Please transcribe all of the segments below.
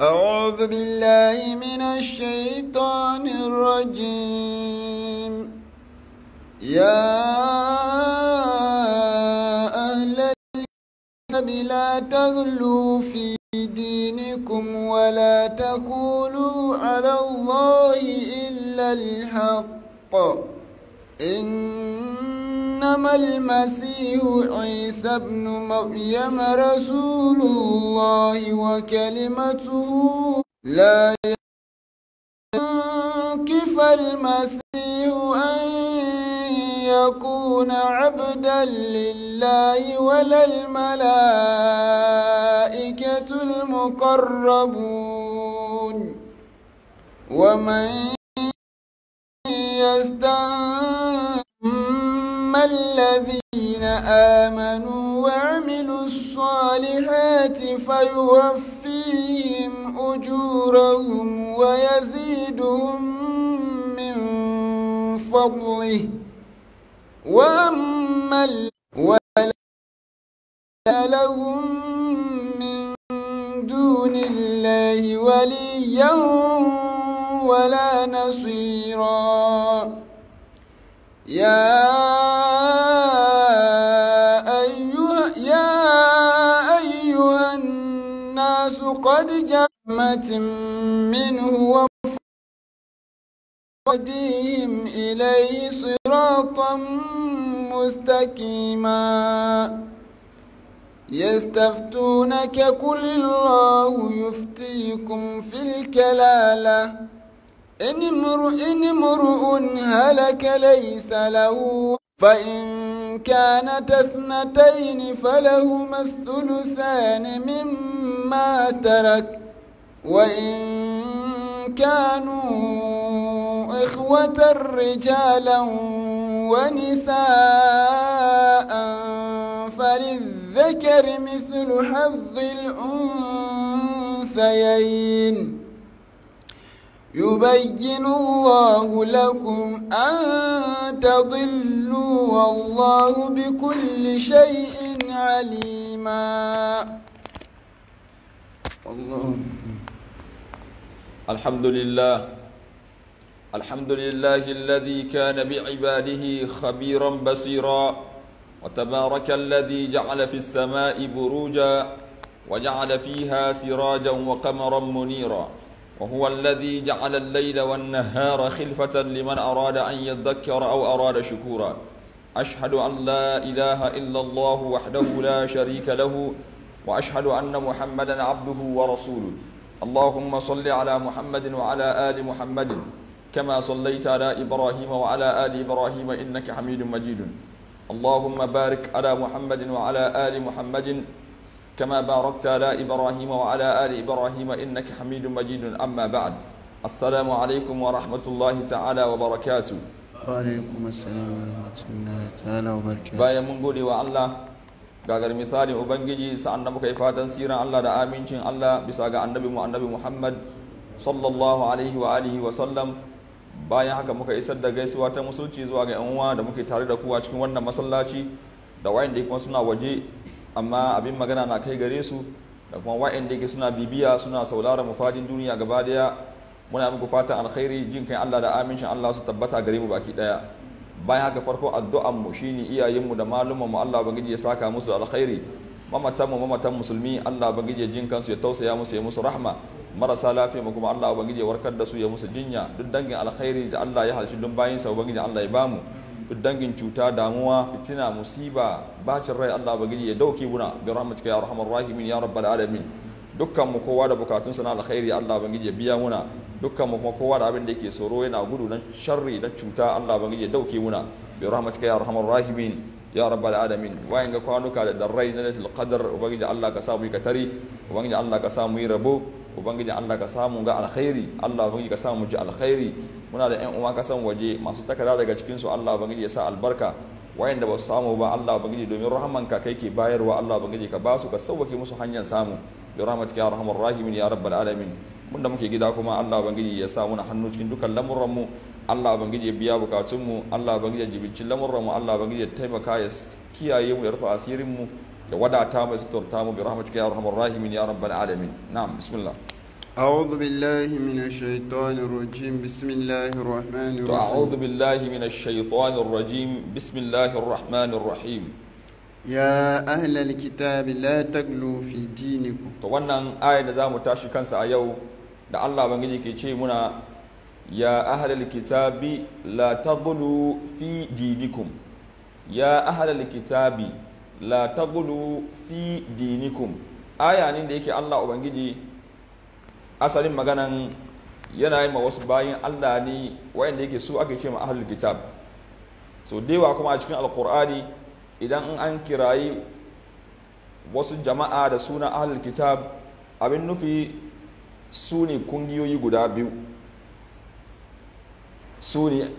أعوذ بالله من الشيطان الرجيم يا أهل الكتاب لا تغلوا في دينكم ولا تقولوا على الله إلا الحق إن إنما المسيح عيسى ابن مريم رسول الله وكلمته لا ينكف المسيح أن يكون عبدا لله ولا الملائكة المقربون ومن يستنكف الذين آمنوا وعملوا الصالحات فيوفيهم أجورهم ويزيدهم من فضله وأما ولا لهم من دون الله وليا ولا نصيرا يا منه وفديهم إليه صراطا مستقيما يستفتونك قل الله يفتيكم في الكلالة إن امرؤ إن امرؤ هلك ليس له فإن كانت اثنتين فلهما الثلثان مما ترك وإن كانوا إخوة رجالا ونساء فللذكر مثل حظ الأنثيين يبين الله لكم أن تضلوا والله بكل شيء عليما الله الحمد لله الحمد لله الذي كان بعباده خبيرا بصيرا وتبارك الذي جعل في السماء بروجا وجعل فيها سراجا وقمرا منيرا وهو الذي جعل الليل والنهار خلفة لمن أراد أن يذكر أو أراد شكورا أشهد أن لا إله إلا الله وحده لا شريك له وأشهد أن محمدا عبده ورسوله اللهم صل على محمد وعلى آل محمد كما صليت على إبراهيم وعلى آل إبراهيم إنك حميد مجيد اللهم بارك على محمد وعلى آل محمد كما باركت على إبراهيم وعلى آل إبراهيم إنك حميد مجيد أما بعد السلام عليكم ورحمة الله تعالى وبركاته وعليكم السلام ورحمة الله تعالى وبركاته بايا من قولي وعلا gagar misalin ubangiji sa'an da muka yi fatan siran Allah da amincin Allah bisa ga annabi mu annabi Muhammad sallallahu alaihi wa alihi wa sallam bayan haka muka isar da gaisuwa ta musulci zuwa ga yan uwa da muke tare da kuwa cikin wannan masallaci da wayanda kuma suna waje amma abin magana na kai gare su da kuma wayanda yake suna bibiya suna saurara mufadin duniya gaba daya muna muku fatan alkhairi jin kai Allah da amincin Allah su tabbata gare mu baki daya bayan haka farko addu'an mu shine iyayenmu da malumman mu Allah ubangiji ya saka musu alkhairi mamatan mu mamatan musulmi Allah ubangiji ya jin kansu ya tausaya musu ya musu rahma marasa lafiya mu kuma Allah ubangiji ya warkar da su ya musu jinya duk dangin alkhairi da Allah ya halci dun bayin sa ubangiji Allah ya bamu duk dangin cuta damuwa fitina musiba bacin rai Allah ubangiji ya dauke muna bi rahmatika ya arhamar rahimin ya rabbal alamin dukkan mu kowa da sa na alkhairi Allah bangiji ya biya muna dukkan mu kuma kowa da abin da yake tsoro yana gudu na sharri da cuta Allah bangiji ya dauke muna bi rahmatika ya arhamar rahimin ya rabbal alamin wayan ga kwanuka da darrai na lailatul qadr ubangiji Allah ka sa mu ka tari ubangiji Allah ka sa mu rabo ubangiji Allah ka samu ga alkhairi Allah ubangiji ka samu ji alkhairi muna da ƴan uwa kasan waje masu takara daga cikin su Allah ubangiji ya sa albarka wayanda ba su samu ba Allah ubangiji domin rahamanka kai ke bayarwa Allah ubangiji ka basu ka sauwake musu hanyar samu bi rahmatika ya arhamar rahimin ya rabbal alamin mun da muke gida kuma Allah ubangiji ya sa muna hannu cikin dukan lamuran mu Allah ubangiji ya biya bukatun mu Allah ubangiji ya jibinci lamuran mu Allah ubangiji ya taimaka ya kiyaye mu ya rufe asirin mu ya wadata mu ya mu bi rahmatika ya arhamar rahimin ya rabbal alamin na'am bismillah أعوذ بالله من الشيطان الرجيم بسم الله الرحمن الرحيم أعوذ بالله من الشيطان الرجيم بسم الله الرحمن الرحيم يا أهل الكتاب لا تغلوا في دينكم to wannan aya da zamu tashi kansa a yau da Allah bangiji ke ce muna ya ahlal kitabi la taghlu fi dinikum ya ahlal kitabi la taghlu fi dinikum aya ne da yake Allah ubangiji asalin maganan yana yi ma wasu bayan Allah ne wayanda yake su ake ce ma ahlul kitab so dewa kuma a cikin alkur'ani idan an kirayi wasu jama'a da suna ahlul kitab abin nufi su ne kungiyoyi guda biyu su ne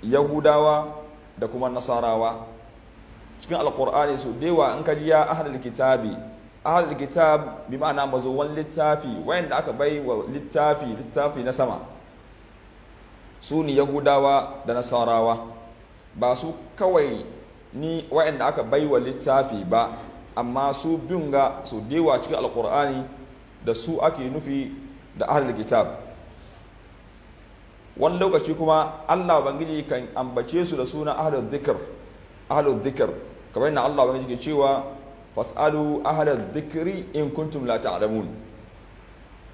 yahudawa da kuma nasarawa cikin alkur'ani so dewa in ka ji ya ahlul kitabi ahal kitab bi ma'ana mazuwan littafi wayanda aka bai wa littafi littafi na sama su ne yahudawa da nasarawa ba su kawai ni wayanda aka bai wa littafi ba amma su bin ga su dewa cikin alkur'ani da su ake nufi da ahal kitab wani lokaci kuma Allah bangiji kan ambace su da suna ahal dhikr ahal dhikr kamar yadda Allah bangiji ke cewa fas'alu ahalar dhikri in kuntum la ta'lamun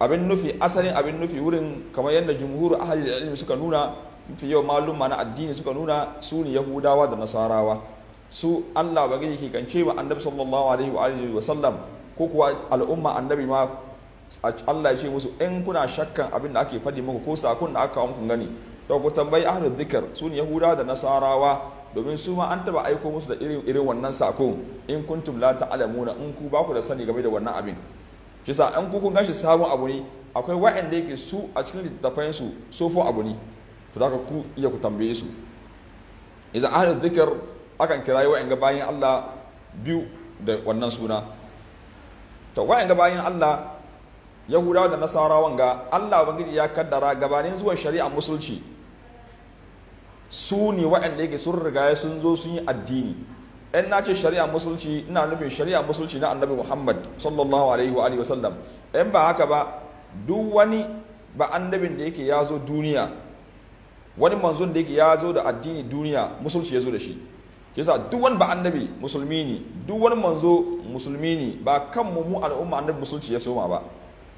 abin nufi asalin abin nufi wurin kamar yadda jumhur ahli ilmi suka nuna fi yau malum na addini suka nuna su ne yahudawa da nasarawa su Allah ba gaji kan ce wa annabi sallallahu alaihi wa alihi wa sallam ko kuwa al'umma annabi ma Allah ya ce musu in kuna shakkan abin da ake faɗi muku ko sakon da aka muku gani to ku tambayi ahlul dhikr su ne yahudawa da nasarawa domin su ma an taba aiko musu da irin irin wannan sako in kuntum la alamuna in ku ba ku da sani game da wannan abin shi sa an ku kun gashi sabon abu ne akwai wa'anda yake su a cikin littattafan su sofo abu ne to zaka ku iya ku tambaye su idan ahli dhikr akan kirayi wa'anda bayan Allah biyu da wannan suna to wa'anda bayan Allah Yahudawa da Nasarawan ga Allah ubangiji ya kaddara gabanin zuwan shari'a musulci su ne waɗanda yake sun riga sun zo sun yi addini in na ce shari'a musulci ina nufin shari'a musulci na annabi muhammad sallallahu alaihi wa alihi wasallam in ba haka ba duk wani ba annabin da yake ya zo duniya wani manzon da yake ya zo da addini duniya musulci ya zo da shi yasa duk wani ba annabi musulmi ne duk wani manzo musulmi ne ba kanmu mu al'umma annabi musulci ya soma ba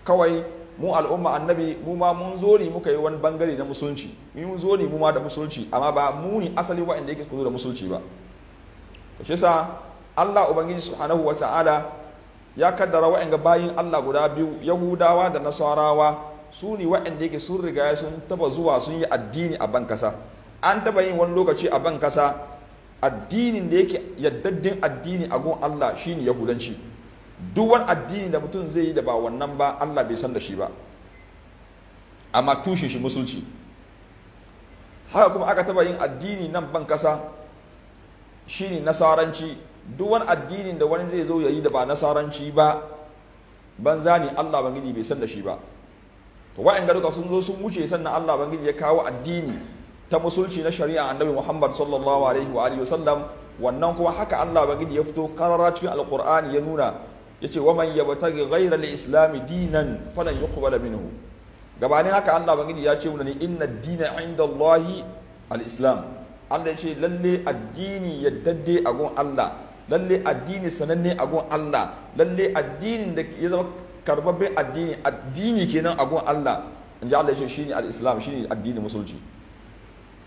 kawai mu al'umma annabi mu ma mun zo ne muka yi wani bangare na musulunci mun zo ne mu ma da musulunci amma ba mu ne asali waɗanda yake zo da musulunci ba to shi sa Allah ubangiji subhanahu wa ta'ala ya kaddara waɗanda bayin Allah guda biyu Yahudawa da Nasarawa su ne waɗanda yake sun riga sun taba zuwa sun yi addini a ban kasa an taba yin wani lokaci a ban kasa addinin da yake yaddaddin addini a gun Allah shine yahudanci duk wani addini da mutum zai yi da ba wannan ba Allah bai san da shi ba amma tushen shi musulci haka kuma aka taba yin addini nan ban kasa ne nasaranci duk wani addinin da wani zai zo ya yi da ba nasaranci ba za ne Allah bangiji bai san da shi ba to wa'in ga duka sun zo sun wuce sannan Allah bangiji ya kawo addini ta musulci na shari'a annabi Muhammad sallallahu alaihi wa alihi sallam wannan kuma haka Allah gidi ya fito karara cikin alqur'ani ya nuna yace wa man yabtaghi ghayra al-islam dinan falan yuqbala minhu gabanin haka Allah bangiji ya ce mu ne inna dina 'inda Allah al-islam Allah ce lalle addini yaddade a gun Allah lalle addini sananne a gun Allah lalle addini da ya zama karbabin addini addini kenan a gun Allah ji Allah ce shine al-islam shine addini musulunci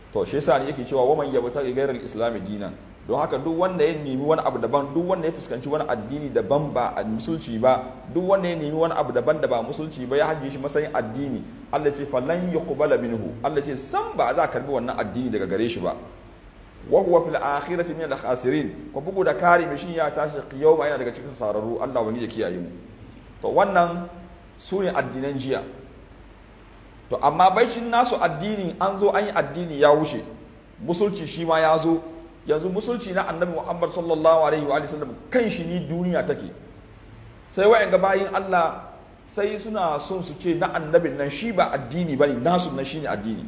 to shi yasa ne yake cewa wa man yabtaghi ghayra al-islam dinan don haka duk wanda ya nemi wani abu daban duk wanda ya fuskanci wani addini daban ba a musulci ba duk wanda ya nemi wani abu daban da ba musulci ba ya hajji shi matsayin addini Allah ce falan yuqbala minhu Allah ce san ba za karbi wannan addini daga gare shi ba wa huwa fil akhirati min al khasirin ko bugu da kare mishin ya tashi qiyama yana daga cikin sararru Allah wani ya kiyaye mu to wannan su ne addinan jiya to amma bai baicin nasu addini an zo an yi addini ya wuce musulci shi ma ya zo yanzu musulci na annabi muhammad sallallahu alaihi wa sallam kan shi ni duniya take sai ga bayin allah sai suna son su ce na annabi nan shi ba addini ba ne nasu nan shi ne addini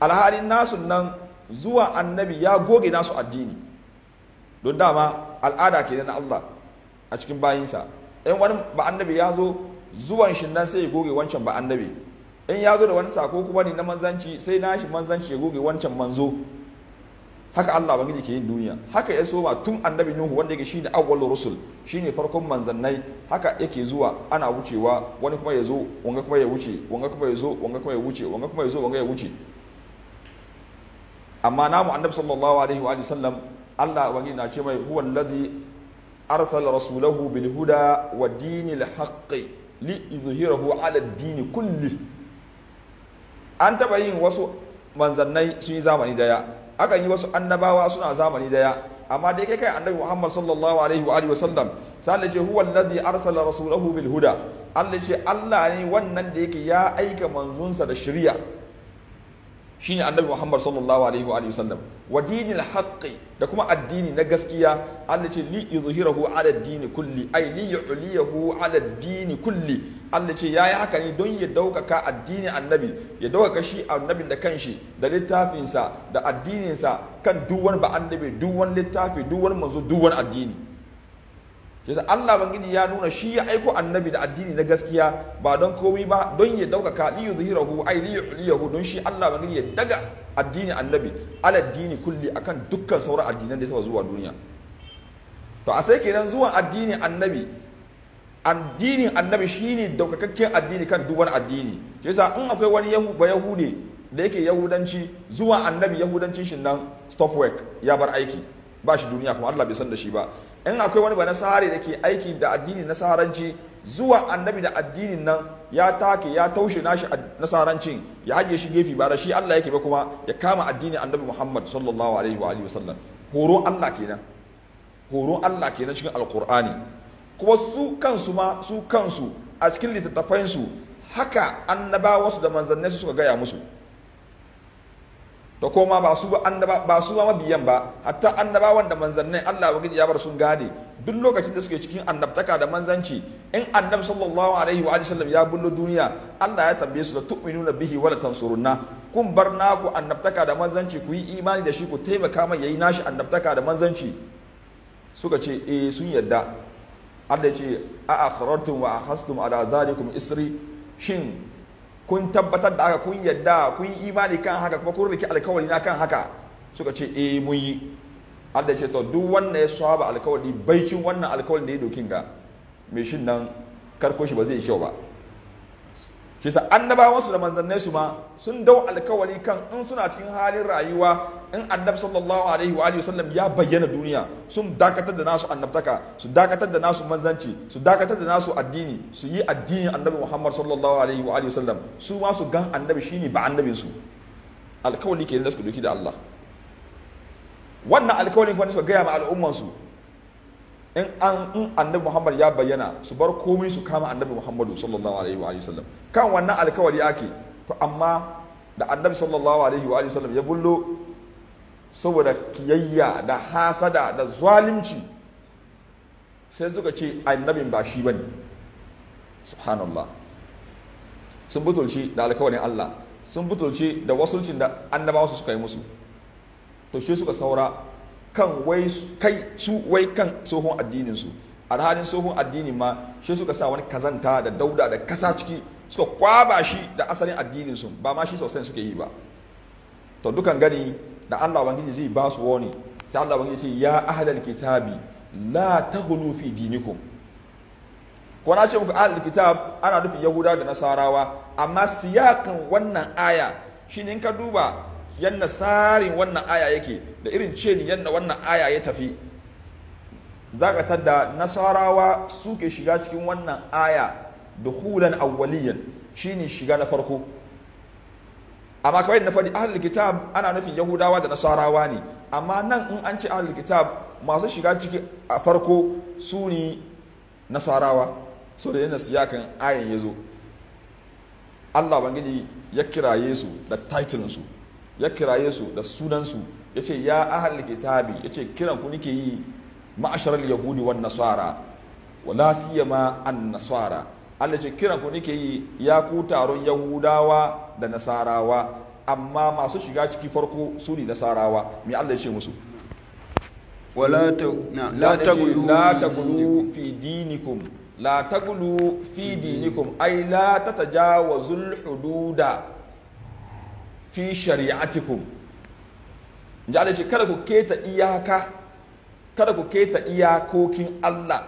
alhalin nasu nan zuwa annabi ya goge nasu addini don dama al'ada kenan na allah a cikin bayinsa in wani ba annabi ya zo zuwan shi nan sai ya goge wancan ba annabi in ya zo da wani sako kuma ne na manzanci sai na shi manzanci ya goge wancan manzo haka Allah ubangiji ke yin duniya haka ya soma tun annabi Nuhu wanda yake shine awwalur rusul shine farkon manzannai haka yake zuwa ana wucewa wani kuma ya zo wanga kuma ya wuce wanga kuma ya zo wanga kuma ya wuce wanga kuma ya zo wanga ya wuce amma namu annabi sallallahu alaihi wa sallam Allah ubangiji na ce mai huwa alladhi arsala rasulahu bil huda wa dinil haqqi li yuzhirahu ala ad-din kulli an taba yin wasu manzannai sun yi zamani daya akan yi wasu annabawa suna zamani daya amma dai kai kai annabi Muhammad sallallahu alaihi wa alihi wasallam sai ce huwa alladhi arsala rasulahu bil huda Allah ce Allah ne wannan da yake ya aika manzonsa da shari'a shine annabi Muhammad sallallahu alaihi wa alihi wasallam wa dinil haqqi da kuma addini na gaskiya Allah ce li yuzhirahu ala dini kulli ay li yu'liyahu ala dini kulli Allah ce yayi haka ne don ya daukaka addini annabi ya daukaka shi annabin da kanshi da littafinsa da addininsa kan duwan ba annabi duwan littafi duwan wani manzo addini sai Allah bangiji ya nuna shi ya aiko annabi da addini na gaskiya ba don komai ba don ya daukaka li yuzhirahu ai li yuliyahu don shi Allah bangiji ya daga addini annabi ala dini kulli akan dukkan sauran addinan da ya zuwa duniya to a sai kenan zuwan addini annabi addinin annabi shine daukakakken addini kan dubar addini yasa in akwai wani yahuba yahude da yake yahudanci zuwa annabi yahudancin shi nan stop work ya bar aiki ba shi duniya kuma Allah bai san da shi ba in akwai wani ba na sahare da ke aiki da addini na zuwa annabi da addinin nan ya take ya taushe nashi na ya haje shi gefe ba shi Allah yake ba kuma ya kama addinin annabi Muhammad sallallahu alaihi wa alihi wasallam horo Allah kenan horo Allah kenan cikin alkur'ani kuma su kansu ma su kansu a cikin littattafansu haka annabawansu da su suka gaya musu da koma ba su ba su ma mabiyan ba hatta annabawan da manzannin Allah wajin ya bar sun gane duk lokacin da suke cikin annabtaka da manzanci in annab sallallahu alaihi wa sallam ya bullo duniya Allah ya tambaye su da tu'minuna bihi wala tansurunna kun bar naku annabtaka da manzanci ku yi imani da shi ku taimaka mai yayi nashi annabtaka da manzanci suka ce eh sun yadda Allah ya ce a akhartum wa akhastum ala zalikum isri shin kun tabbatar da aka kun yadda kun yi imani kan haka kuma kun riki alkawari na kan haka suka ce eh mun yi Allah ce to duk wanda ya saba alkawari baikin wannan alkawari da ya dokin ga mai shin nan karko shi ba zai yi kyau ba shi sa annabawansu da manzannai su ma sun dau alkawari kan in suna cikin halin rayuwa in annab sallallahu alaihi wa alihi wasallam ya bayyana duniya sun dakatar da nasu annabtaka su dakatar da nasu manzanci su dakatar da nasu addini su yi addini annabi muhammad sallallahu alaihi wa alihi wasallam su ma su gan annabi shine ba annabin su alkawari kenan da suka doki da Allah wannan alkawarin kuma suka gaya ma al'ummansu. in an in annabi Muhammad ya bayyana su bar komai su kama annabi Muhammadu sallallahu alaihi wa sallam kan wannan alkawari ake to amma da annabi sallallahu alaihi wa sallam ya bullo saboda kiyayya da hasada da zalunci sai suka ce annabin ba shi bane subhanallah sun butulci da alkawarin Allah sun butulci da wasulcin da annabawa su suka yi musu to shi suka saura kan kai su wai kan tsohon addinin su alhalin tsohon addini ma shi suka sa wani kazanta da dauda da kasa ciki suka kwaba shi da asalin addinin su ba ma shi sosai suke yi ba to dukan gani da Allah wangiji zai ba su wani sai Allah wangiji ce ya ahlal kitabi la taghlu fi dinikum ko na ce muku ahlul kitab ana nufin yahuda da nasarawa amma siyakan wannan aya shine in ka duba yanna tsarin wannan aya yake da irin ce ni yanna wannan aya ya tafi zakatar da nasarawa suke shiga cikin wannan aya da duhulan shi shine shiga na farko amma kawai na faɗi ahlul kitab ana nufin yahudawa da nasarawa ne amma nan in an ce ahlul kitab masu shiga ciki a farko su ne nasarawa so da yana siyakan ayan ya zo Allah bangiji ya kiraye su da titlinsu ya kiraye su da sunansu ya ce ya ahal kitabi ya ce kiran ku nike yi ma'asharar yahudi wa nasara wala siyama an nasara Allah ce kiran ku nike yi ya ku taron yahudawa da nasarawa amma masu shiga ciki farko su ne nasarawa me Allah ya ce musu wala tagulu fi dinikum la tagulu fi dinikum ay la tatajawazul hududa fi shari'atikum ji Allah ce kada ku keta iyaka kada ku keta iyakokin Allah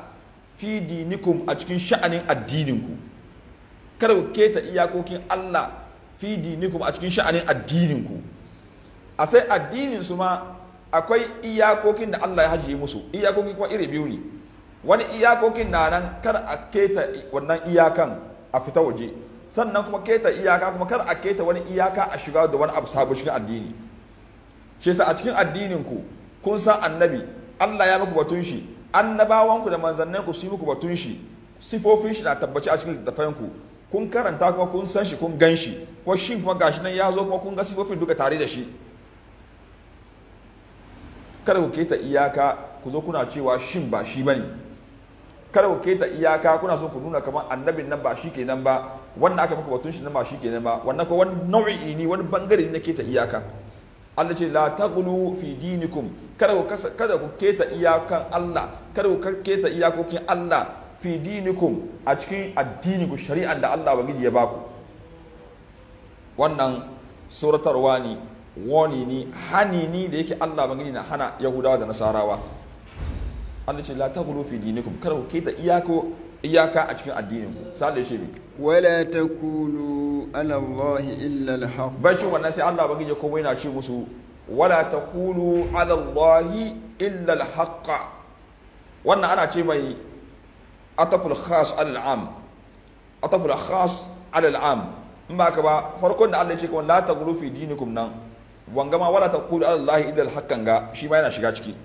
fi dinikum a cikin sha'anin addininku kada ku keta iyakokin Allah fi dinikum a cikin sha'anin addininku a sai addinin su ma akwai iyakokin da Allah ya hajiye musu iyakokin kuma iri biyu ne wani iyakokin na nan kada a keta wannan iyakan a fita waje sannan kuma keta iyaka kuma kar a keta wani iyaka a shiga da wani abu sabo cikin addini shi yasa a cikin addinin ku kun san annabi Allah ya muku batun shi annabawan da manzannin ku su muku batun shi sifofin shi na tabbaci a cikin littafin ku kun karanta kuma kun san shi kun gan shi shin kuma gashi nan ya zo kuma kun ga sifofin duka tare da shi kada ku keta iyaka ku zo kuna cewa shin ba shi bane kada ku keta iyaka kuna so ku nuna kamar annabin nan ba shi kenan ba wanda aka maka batun shi na mashi kenan ba wannan ko wani nau'i ne wani bangare ne keta iyaka Allah ce la taqulu fi dinikum kada ku kada ku keta iyakan Allah kada ku keta iyakokin Allah fi dinikum a cikin addini ku shari'an da Allah gidi ya baku wannan suratarwa ne wani ne hani ne da yake Allah gidi na hana Yahudawa da Nasarawa Allah ce la taqulu fi dinikum kada ku keta iyako iyaka a cikin addinin ku sai da shi ne wala takulu ala Allah illa alhaq ba shi wannan sai Allah baki je komai na ce musu wala takulu ala Allah illa alhaq wannan ana ce mai ataful khas ala am ataful khas ala alam am in ba ka ba farkon da Allah ya ce kuma la taqulu fi dinikum nan wanga ma wala taqulu ala Allah illa alhaq ga shi ma yana shiga ciki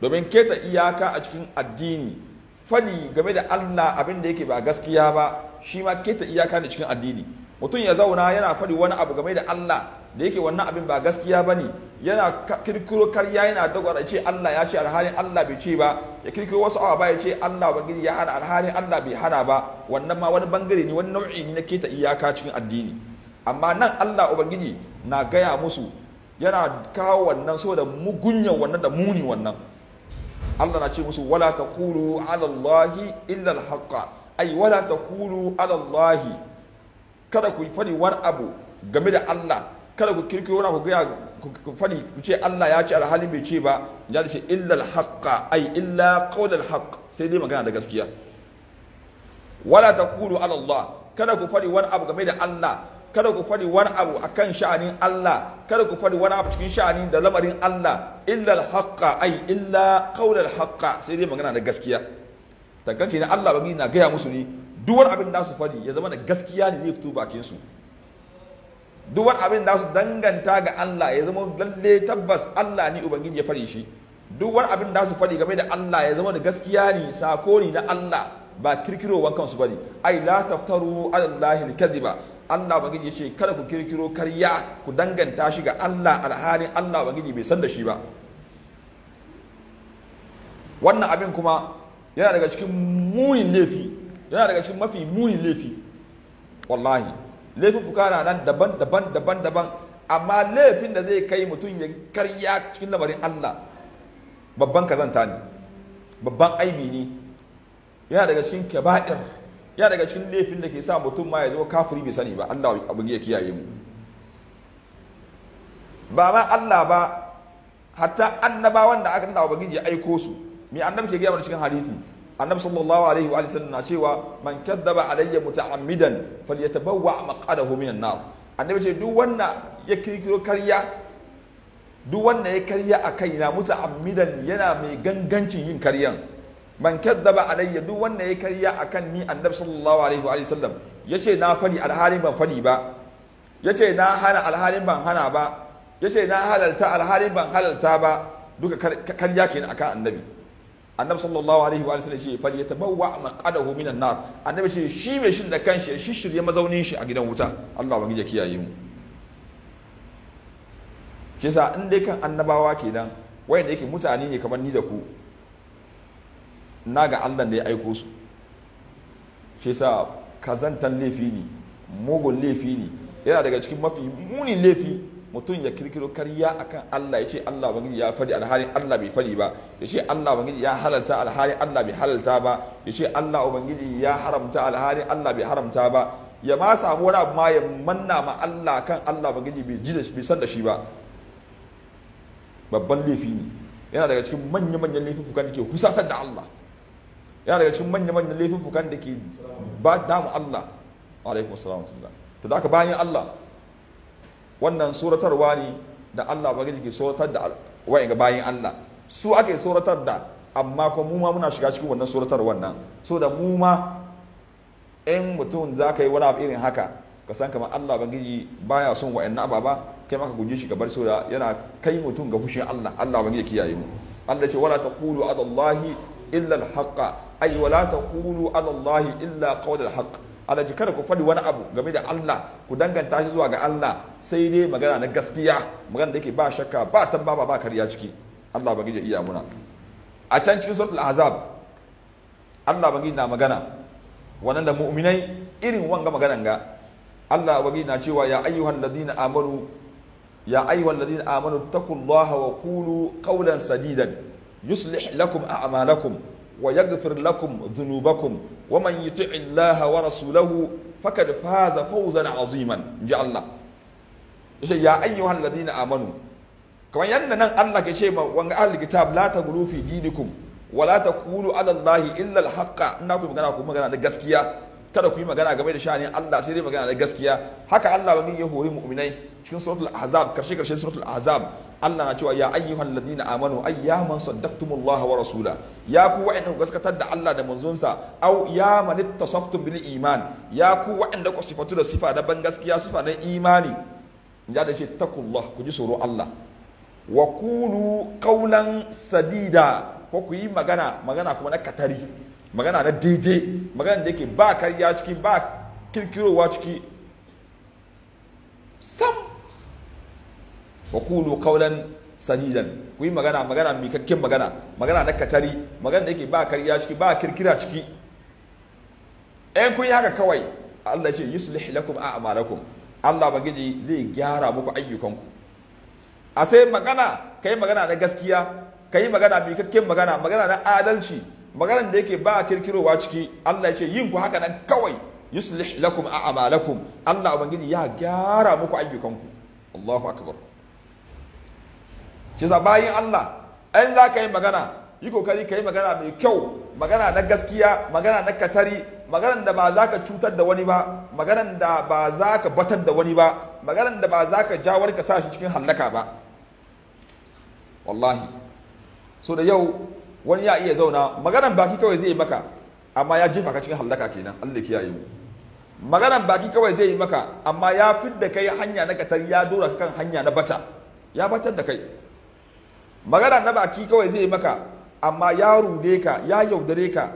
domin keta iyaka a cikin addini Fani game da Allah abin da yake ba gaskiya ba shi ma keta iyaka ne cikin addini mutum ya zauna yana fadi wani abu game da Allah da yake wannan abin ba gaskiya ba ne yana kirkiro karya yana dogara ce Allah ya ce alhalin Allah bai ce ba ya kirkiro wasu awa ba ya ce Allah bangare ya hana alhalin Allah bai hana ba wannan ma wani bangare ne wani nau'i ne na keta iyaka cikin addini amma nan Allah ubangiji na gaya musu yana kawo wannan saboda mugunyan wannan da muni wannan Allah na ce musu wala ta kulu alallahi illa alhaqa ai wala ta kulu alallahi kada ku fadi wani abu game da Allah kada ku kirki wani ku ga ku fadi ku ce Allah ya ce alhali bai ce ba ya ce illa alhaqa ai illa qawl alhaq sai dai magana da gaskiya wala ta kulu allah kada ku fadi wani abu game da Allah kada ku faɗi wani abu akan sha'anin Allah kada ku faɗi wani abu cikin sha'anin da lamarin Allah illa al-haqqa ai illa qawla haqqa sai dai magana da gaskiya tankake na Allah bagi na gaya musu ne duwar abin da su faɗi ya zama da gaskiya ne zai fito bakin su duwar abin da su danganta ga Allah ya zama lalle tabbas Allah ne ubangiji ya faɗi shi duwar abin da su faɗi game da Allah ya zama da gaskiya ne sako ne na Allah ba kirkirowan kansu bane ai la taftaru ala Allah al Allah ba ya ce kada ku kirkiro karya ku danganta shi ga Allah alhalin Allah bagiji bai san da shi ba wannan abin kuma yana daga cikin munin laifi yana daga cikin mafi munin laifi wallahi laifin fukara nan daban daban daban daban amma laifin da zai kai mutum ya karya cikin lamarin Allah babban kazanta ne babban aibi ne yana daga cikin kaba'ir ya daga cikin laifin da ke sa mutum ma ya zo kafiri bai sani ba Allah abin ya kiyaye mu ba ma Allah ba hatta annaba wanda aka Allah ubangiji ya aiko su me annabi ke gaya mana cikin hadisi annabi sallallahu alaihi wa sallam na cewa man kaddaba alayya muta'ammidan falyatabawwa maqadahu minan nar annabi ce duk wanda ya kirkiro karya duk wanda ya karya a kaina muta'ammidan yana mai gangancin yin karyan man kaddaba alayya duk wanda ya karya akan ni annabi sallallahu alaihi wa sallam yace na fari alhalin ban fari ba yace na hana alhalin ban hana ba yace na halalta alhalin ban halalta ba duka karya kenan akan annabi annabi sallallahu alaihi wa sallam yace fal yatabawwa maqadahu minan nar annabi ce shi mai shin da kanshi ya shishirye mazaunin shi a gidan wuta Allah ubangiji ya kiyaye mu shi yasa in dai kan annabawa kenan wayanda yake mutane ne kamar ni da ku na ga allah da ya aiko su shi sa kazantan laifi ne mugun laifi ne yana daga cikin mafi munin laifi mutum ya kirkiro karya akan allah ya ce allah bangiji ya fadi alhalin allah bai fadi ba ya ce allah bangiji ya halalta alhalin allah bai halalta ba ya ce allah ubangiji ya haramta alhalin allah bai haramta ba ya ma samu wani abu ma ya manna ma allah kan allah bangiji bai ji da bai san da shi ba babban laifi ne yana daga cikin manya-manyan laifukan da ke kusatar da allah yana daga cikin manya manyan laifuffukan da ke ba damu Allah alaikum assalamu alaikum to da aka bayan Allah wannan suratarwa ne da Allah ba ke suratar da wa'in ga bayan Allah su ake suratar da amma kuma mu ma muna shiga cikin wannan suratar wannan so da mu ma in mutum za ka yi wani abu irin haka ka san kamar Allah bangiji baya son wa'annan ababa kai maka guje shi gabar so da yana kai mutum ga fushin Allah Allah bangiji kiyaye mu Allah ce wala taqulu adallahi illa alhaqa ay wala taqulu ala Allah illa qawl al-haq jikar kada ku faɗi wani abu game da Allah ku danganta shi zuwa ga Allah sai dai magana na gaskiya magana da yake ba shakka ba tambaba ba kariya ciki Allah ba gije iya muna a can cikin suratul ahzab Allah ba na magana wannan da mu'minai irin wanga maganan ga Allah ba na cewa ya ayyuhan ladina amanu ya ayyuhan ladina amanu taqullaha wa qulu qawlan sadidan yuslih lakum a'malakum ويغفر لكم ذنوبكم ومن يطع الله ورسوله فقد فاز فوزا عظيما ان شاء الله يا ايها الذين امنوا كما ينن نان الله كشي ما وان اهل الكتاب لا تغلو في دينكم ولا تقولوا على الله الا الحق ان ku magana ku magana da gaskiya kada ku yi magana game da shani Allah sai dai magana da gaskiya haka Allah ba ya hori mu'minai cikin suratul ahzab karshe karshe Allah na cewa ya ayyuhan ladina amanu ya ayyaman saddaqtumullaha wa rasula ya ku wa'anda gaskatar da Allah da manzonsa au ya man ittasaftum bil iman ya ku wa'anda ku sifatu da sifa da ban gaskiya sifa na imani ya da shi takullah ku ji tsoro Allah wa kulu qawlan sadida ko ku yi magana magana kuma na katari magana na daidai magana da yake ba karya ciki ba kirkirowa ciki sam wa qulu qawlan sadidan ku yi magana magana mai magana magana na katari magana da yake ba kariya ciki ba kirkira ciki ɗan kun yi haka kawai Allah ce yuslih lakum a'malakum Allah bangiji zai gyara muku ayyukanku a sai magana kai magana na gaskiya kai magana mai magana magana na adalci magana da yake ba kirkirowa ciki Allah ce yin ku haka nan kawai Allah ya gyara muku ayyukanku Allahu akbar shi sa bayin Allah in za ka yi magana yi kokari ka yi magana mai kyau magana na gaskiya magana na katari maganan da ba za ka cutar da wani ba maganan da ba za ka batar da wani ba maganan da ba za ka jawar ka sa shi cikin hallaka ba wallahi so da yau wani ya iya zauna maganan baki kawai zai yi maka amma ya jefa ka cikin hallaka kenan Allah kiyaye mu maganan baki kawai zai yi maka amma ya fidda kai hanya na katari ya dora kan hanya na bata ya batar da kai magana na baki kawai zai maka amma ya rude ka ya yaudare ka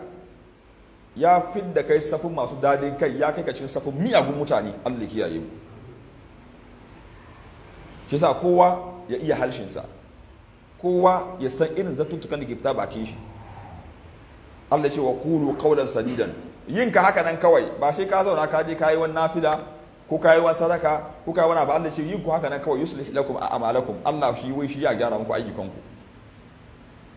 ya fidda kai safin masu dadin kai ya kai ka cikin safin miyagun mutane Allah kiyaye mu shi sa kowa ya iya harshensa kowa ya san irin zatuttukan da ke fita bakin shi Allah ce wa kulu qawlan sadidan yin ka haka nan kawai ba sai ka zauna ka je kayi wani nafila ko yi wa sadaka ko yi wani abu Allah ce yin ku haka nan kawai yuslih lakum a'malakum Allah shi wai shi ya gyara muku ayyukanku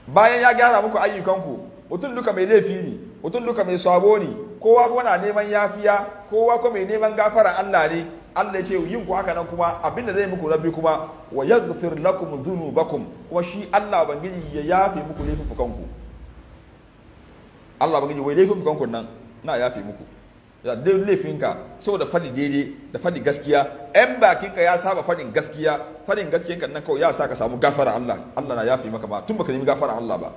bayan ya gyara muku ayyukanku mutum duka mai laifi ne mutum duka mai sabo ne kowa kuna neman yafiya kowa kuma mai neman gafara Allah ne Allah ce yin ku haka nan kuma abinda zai muku rabbi kuma wa yaghfir lakum dhunubakum kuma shi Allah bangiji ya yafi muku laifukan ku Allah bangiji wai laifin ku nan na yafi muku da laifinka saboda faɗi daidai da faɗi gaskiya ɗan bakinka ya saba faɗin gaskiya faɗin gaskiyanka nan kawai ya sa ka samu gafara Allah Allah na yafi maka ba tun baka nemi gafara Allah ba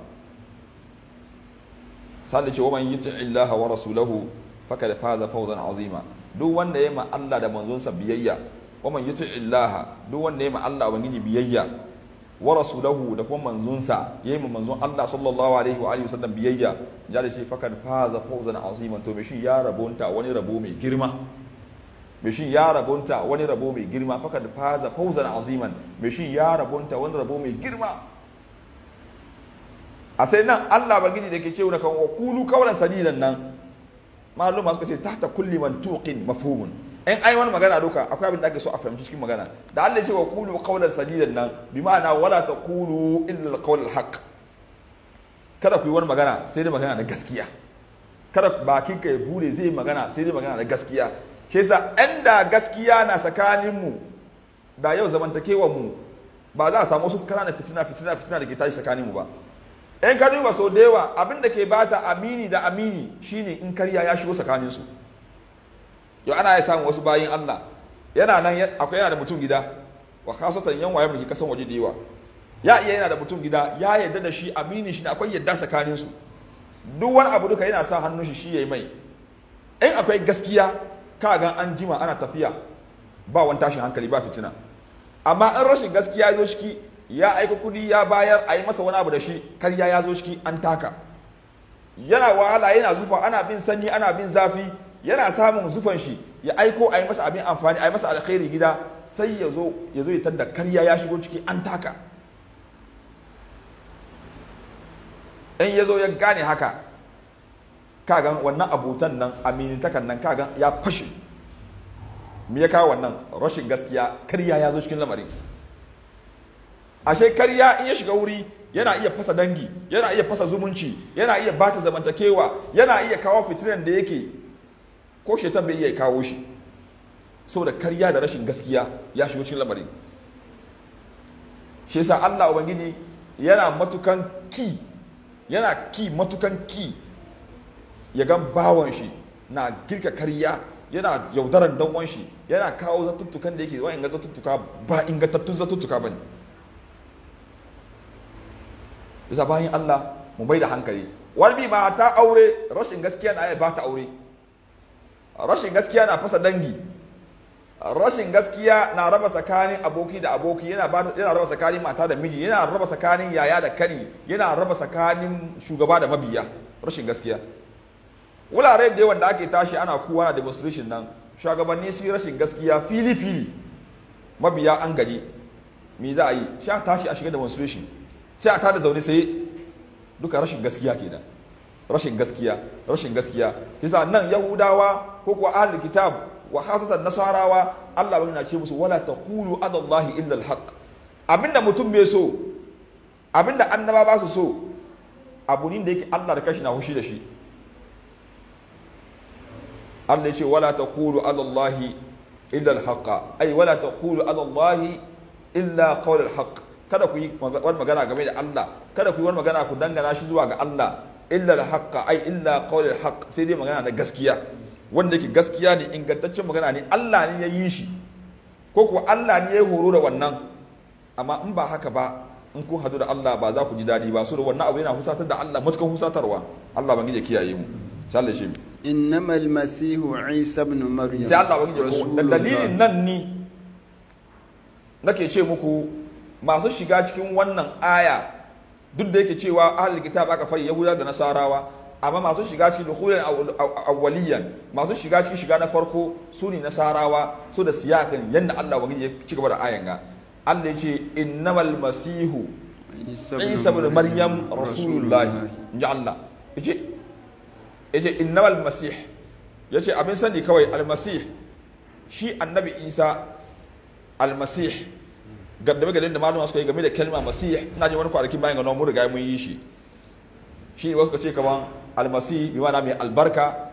sallai ce wa man yuti illaha wa rasulahu faqad faza fawzan azima duk wanda ya ma Allah da manzonsa biyayya wa man yuti illaha duk wanda ya ma Allah wa biyayya wa rasulahu da kuma manzunsa yayi ma manzon Allah sallallahu alaihi wa alihi wasallam biyayya ya da shi faza fawzan aziman to ya rabonta wani rabo mai girma shi ya rabonta wani rabo mai girma faza fawzan aziman ya rabonta wani rabo mai girma a sai nan Allah bargiji da ke cewa kan wa kulu qawlan sadidan nan maluma suka ce tahta kulli mantuqin mafhumun in ai wani magana doka akwai abin da ake so a fahimci cikin magana da Allah ya ce wa qulu qawlan sadidan nan bi ma'ana wala taqulu illa al haqq kada ku yi wani magana sai dai magana da gaskiya kada bakin ka ya bude zai yi magana sai dai magana da gaskiya shi yasa da gaskiya na tsakanin mu da yau zamantakewar mu ba za a samu wasu ƙananan fitina fitina fitina da ke tashi tsakanin mu ba in ka duba so da yawa abin da ke bata amini da amini shine in karya ya shigo tsakanin su yau ana ya samu wasu bayin Allah yana nan akwai yana da mutum gida wa khasatan yan waye mulki kasan waje da yawa ya iya yana da mutum gida ya yadda da shi aminin shi ne akwai yadda tsakanin su duk wani abu duka yana sa hannun shi shi yayi mai in akwai gaskiya ka ga an jima ana tafiya ba wani tashin hankali ba fitina amma in rashin gaskiya ya zo ciki ya aika kudi ya bayar a yi masa wani abu da shi karya ya zo ciki an taka yana wahala yana zufa ana bin sanyi ana bin zafi yana samun zufan shi ya aiko a yi masa abin amfani a yi masa alkhairi gida sai ya zo ya zo tadda karya ya shigo ciki an taka in ya zo ya gane haka kagan wannan abutan nan aminitakan nan kagan ya fashe me ya kawo wannan rashin gaskiya karya ya zo cikin lamarin ashe karya in ya shiga wuri yana iya fasa dangi yana iya fasa zumunci yana iya bata zamantakewa yana iya kawo fitinan da yake ko shaitan bai iya kawo shi saboda karya da rashin gaskiya ya shigo cikin lamarin shi yasa Allah ubangiji yana matukan ki yana ki matukan ki ya ga bawan shi na girka karya yana yaudaran danwan shi yana kawo zatuttukan da yake wa inga zatuttuka ba ingantattun zatuttuka bane yasa bayan Allah mu bai da hankali wani ba ta aure rashin gaskiya na ba ta aure rashin gaskiya na fasa dangi rashin gaskiya na raba tsakanin aboki da aboki yana raba tsakanin mata da miji yana raba tsakanin yaya da kani yana raba tsakanin shugaba da mabiya rashin gaskiya Wulare da yawan da ake tashi ana kuwa na demonstration nan shugabanni su rashin gaskiya fili fili mabiya an gari me za a yi sha tashi a shiga demonstration sai a tada zaune sai duka rashin gaskiya kenan rashin gaskiya rashin gaskiya kisa nan yahudawa ko kuwa ahlul kitab wa khasatan nasarawa Allah bai na ce musu wala taqulu ala Allah illa al abinda mutum bai so abinda annaba ba su so abu ne da yake Allah da kashi na hushi da shi Allah ya ce wala taqulu ala Allah illa al ai wala taqulu ala Allah illa qawl al kada ku yi wani magana game da Allah kada ku yi wani magana ku dangana shi zuwa ga Allah illa al ai illa qawl al sai dai magana da gaskiya wanda yake gaskiya ne ingantaccen magana ne Allah ne ya yi shi ko kuwa Allah ne ya yi horo da wannan amma in ba haka ba in kun hadu da Allah ba za ku ji daɗi ba Su da wannan abu yana husatar da Allah matukan husatarwa Allah ban gije kiyaye mu sallah shi innama almasihu isa ibn maryam sai Allah ban gije da dalilin nan ni nake ce muku masu shiga cikin wannan aya duk da yake cewa ahlul kitab aka fari yahuda da nasarawa amma masu shiga cikin dukhulan awaliyan masu shiga cikin shiga na farko su ne nasarawa su da siyakan yadda Allah wani ya ci gaba da ayan ga Allah ya ce innamal masihu isa bin maryam rasulullahi inji Allah ya ce innamal masih yace abin sani kawai almasih shi annabi isa almasih gaddame gadin da malama suka yi game da kalma masih ina jin wani kwanaki bayan ga mun riga mun yi shi shi ne wasu ka ce kaman almasi bi ma'ana mai albarka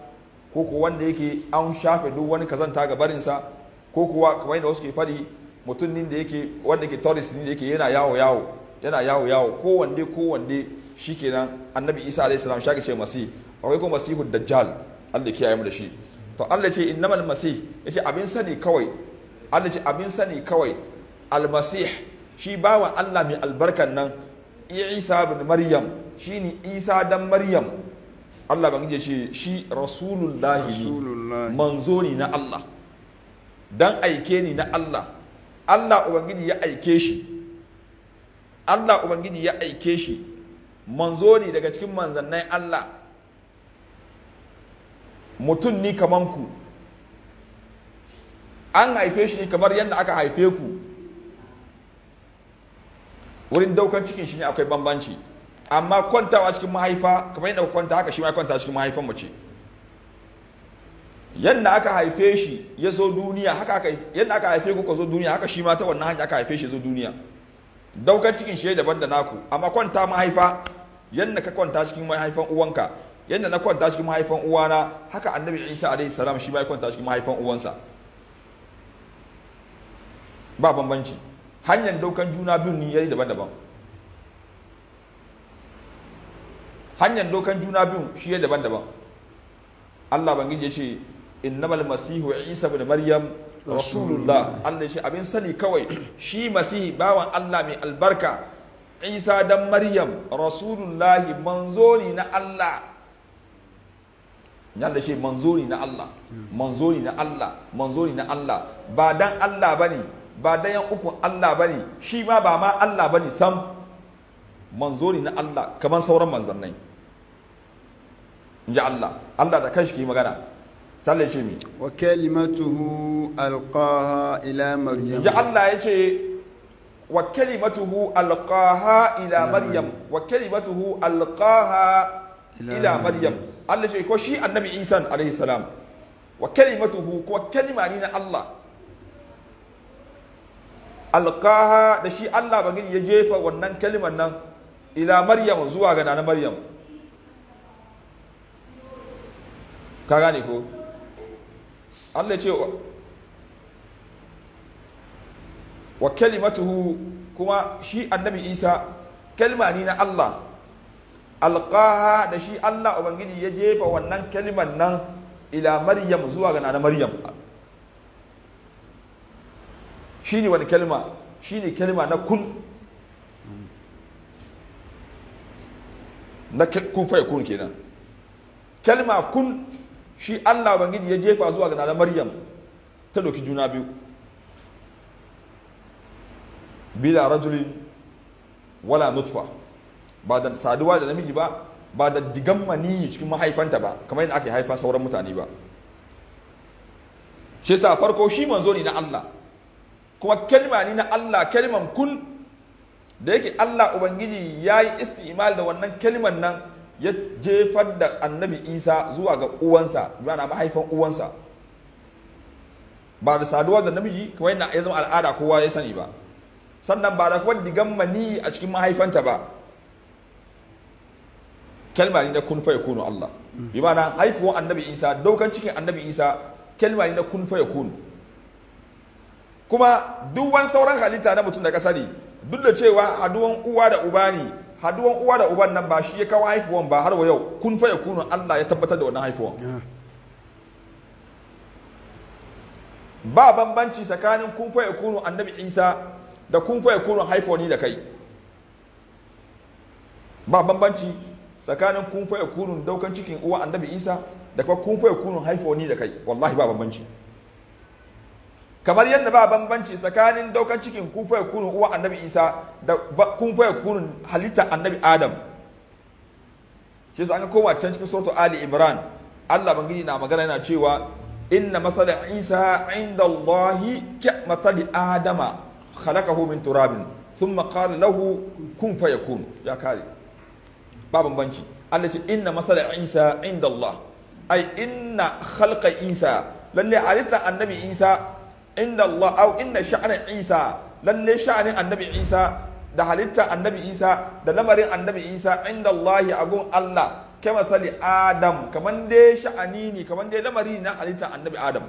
ko ko wanda yake an shafe duk wani kazanta ga barinsa ko kuwa kamar yadda wasu ke faɗi mutum ne da yake wanda ke tourist ne da yake yana yawo yawo yana yawo yawo ko wande ko wande shikenan annabi isa alayhi salam shaka ce masi akwai kuma masihu dajjal Allah kiyaye mu da shi to Allah ce innamal masih yace abin sani kawai Allah ce abin sani kawai almasih shi bawan Allah mai albarkan nan Isa ibn Maryam shine Isa dan Maryam Allah ban ce shi rasulullahi ne manzo ne na Allah dan aike ni na Allah Allah ubangiji ya aike shi Allah ubangiji ya aike shi manzo ne daga cikin manzannai Allah mutum ni kamar ku an haife shi ne kamar yadda aka haife ku wurin daukan cikin shi ne akwai bambanci amma kwantawa cikin mahaifa kamar yadda kwanta haka shi ma kwanta cikin mahaifan mace yadda aka haife shi ya zo duniya haka aka yadda aka haife ku ka zo duniya haka shi ma ta wannan hanya aka haife shi zo duniya daukar cikin shi daban da naku amma kwanta mahaifa yadda ka kwanta cikin mahaifan uwanka yadda na kwanta cikin mahaifan uwana haka annabi isa alaihi salam shi ma ya kwanta cikin mahaifan uwansa ba bambanci hanyar daukan juna biyun ne yayi daban-daban hanyar dokan juna biyu shi ya daban-daban Allah bangiji ya ce innamal masihu isa bin maryam rasulullah Allah shi abin sani kawai shi masihi bawan Allah mai albarka isa dan maryam rasulullah manzo ne na Allah yadda shi manzo ne na Allah manzo ne na Allah manzo ne na Allah ba dan Allah bane ba dan yan uku Allah bane shi ma ba ma Allah bane sam manzo ne na Allah kamar sauran manzannai inji Allah Allah da kanshi ke magana sallai shi mi wa kalimatuhu alqaha ila maryam inji Allah yace wa kalimatuhu alqaha ila maryam wa kalimatuhu alqaha ila maryam Allah shi ko shi annabi Isa alaihi salam wa kalimatuhu ko kalima ni na Allah alqaha da shi Allah bagin ya jefa wannan kalimar nan ila maryam zuwa ga na maryam ka gane ko Allah ce wa kalimatuhu kuma shi annabi Isa kalma ni na Allah alƙaha da shi Allah ubangiji ya jefa wannan kalmar nan ila Maryam zuwa ga nana Maryam Shi ne wani kalma ne kalma na kun na kun fai kun kenan kalma kun shi Allah bangiji ya jefa zuwa ga nana Maryam ta doki juna biyu bila rajulin wala nutfa ba da saduwa da namiji ba ba da digan maniyi cikin mahaifanta ba kamar yadda ake haifan sauran mutane ba shi sa farko shi manzo ne na Allah kuma kalma ne na Allah kalman kun da yake Allah ubangiji yi istimal da wannan kalman nan ya jefar da annabi isa zuwa ga uwansa yana mahaifan uwansa ba da saduwa da namiji kuma yana ya zama al'ada kowa ya sani ba sannan ba da kuma digan mani a cikin mahaifanta ba kalma ne na kun fa yakunu Allah bi ma'ana haifuwan annabi isa daukan cikin annabi isa kalma ne na kun fa yakunu kuma duk wani sauran halitta na mutum da ka duk da cewa haduwan uwa da uba ne haduwan uwa da uban nan ba shi ya kawo haifuwan ba har wa yau kun fa yakunu Allah ya tabbatar da wannan haifuwan ba bambanci tsakanin kun fa yakunu annabi Isa da kun fa yakunu haifuwan ni da kai ba bambanci tsakanin kun fa yakunu daukan cikin uwa annabi Isa da kuma kun fa yakunu haifuwan ni da kai wallahi ba bambanci kamar yadda ba bambanci tsakanin daukan cikin kun kunun uwa annabi isa da kun kunun halitta annabi adam shi yasa an koma can cikin suratu ali imran Allah bangiji na magana yana cewa inna masala isa inda allahi ka masali adama khalaqahu min turabin thumma qala lahu kun fa yakun ya kare ba bambanci Allah shi inna masala isa inda allah ai inna khalqa isa lalle halitta annabi isa inda Allah au inna sha'anin Isa lalle sha'anin annabi Isa da halitta annabi Isa da lamarin annabi Isa inda Allah a gun Allah ke masali Adam kaman dai sha'ani ne kaman dai lamari na halitta annabi Adam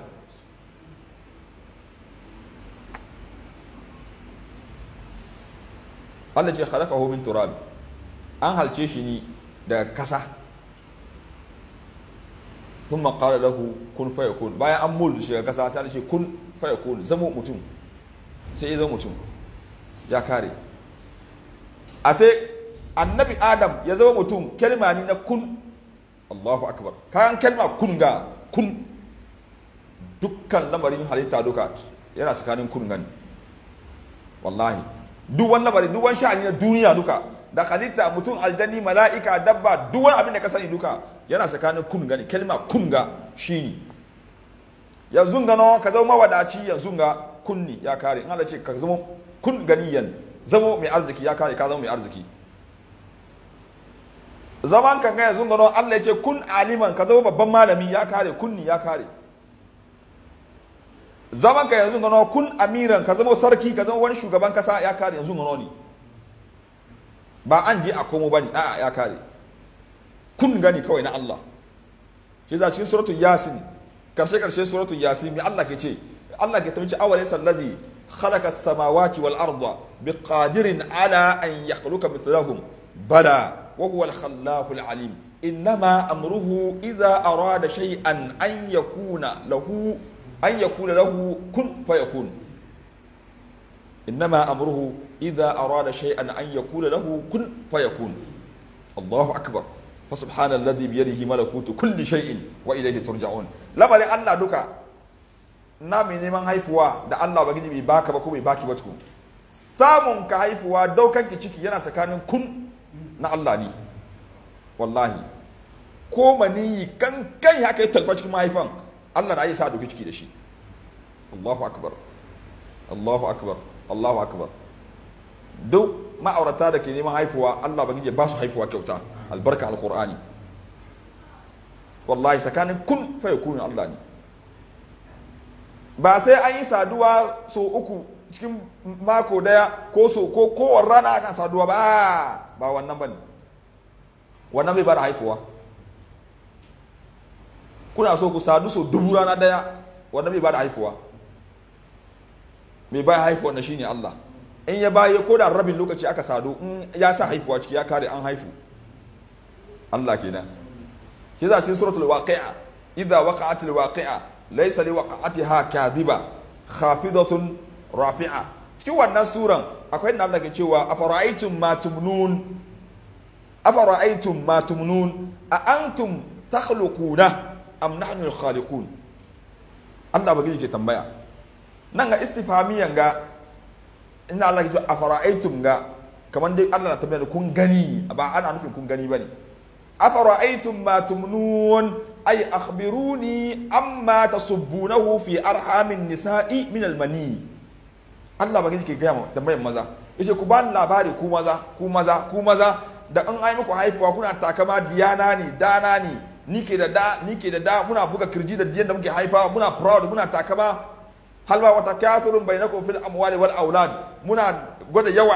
Allah ce khalaqahu min turab an halce shi ni daga kasa sun qala lahu kun fayakun bayan an mulki shi daga kasa sai ce kun faya kulu zama mutum sai ya zama mutum ya kare a sai annabi adam ya zama mutum kalma ne na kun Allahu akbar kayan kalma kun ga kun dukkan lamarin halitta duka yana tsakanin kun gani wallahi duk wani lamari duk wani sha'ani na duniya duka da halitta mutum aljani mala'ika dabba duk wani abin da ka sani duka yana tsakanin kun gani kalma kun ga ne yanzu ga no ka zama wadaci yanzu ga kunni ya kare in Allah ce ka zama kun ganiyan zama mai arziki ya kare ka zama mai arziki zaman kan ga yanzu ga no Allah ya ce kun aliman ka zama babban malami ya kare kunni ya kare zaman ka yanzu ga no kun amiran ka zama sarki ka zama wani shugaban kasa ya kare yanzu ga no ne ba an je a komo bane a'a ya kare kun gani kawai na Allah shi za cikin suratul yasin karshe karshe suratul yasin mai Allah ke ce Allah ke tamci awalin sallazi khalaqa samawati wal arda biqadirin ala an yakhluqa mithlahum bala wa huwa al khallaqul alim innama amruhu idza arada shay'an an yakuna lahu an yakuna lahu kun fayakun innama amruhu idza arada shay'an an yakuna lahu kun fayakun Allahu akbar fa subhanallazi bi yadihi malakutu kulli shay'in wa ilayhi turja'un labarin Allah duka na mai neman haifuwa da Allah ba gidi bai baka ba ko bai baki ba samun ka haifuwa daukan ki ciki yana tsakanin kun na Allah ne wallahi ko maniyi kankan haka ya talfa cikin mahaifan Allah da ya sa doki ciki da shi Allahu akbar Allahu akbar Allahu akbar duk ma'aurata da ke neman haifuwa Allah ba ya ba su haifuwa kyauta albarka Alkur'ani. wallahi tsakanin kun fa yakunu Allah ne ba sai an yi saduwa so uku cikin mako daya ko so ko kowar rana akan saduwa ba ba wannan bane wannan bai bada haifuwa kuna so ku sadu so dubu rana daya wannan bai bada haifuwa mai bai haifuwa na shine Allah in ya baya ko da rabin lokaci aka sado in ya sa haifuwa ciki ya kare an haifu Allah kenan Ke za shi suratul waqi'a idza waqa'at al waqi'a laysa li waqa'atiha kadhiba khafidatun rafi'a cikin wannan suran akwai inda Allah ke cewa afara'aytum ma tumnun afara'aytum ma tumnun a antum takhluquna am nahnu al khaliqun Allah ba ke tambaya nan ga istifhamiyan ga inda Allah ya ce a fara'aitum ga kamar dai Allah na kun gani ba ana nufin kun gani bane afara'aytum ma tumnun ay akhbiruni amma tasubbunahu fi arhamin nisa'i min almani Allah ba ke gaya tambayar maza yace ku ba labari ku maza ku maza ku maza da an ai muku haifuwa kuna takama diyana ne dana ne nike da da nike da da muna buga kirji da diyan da muke haifa muna proud muna takama halwa wata bai na kofin amwali wal aulad muna gwada yawa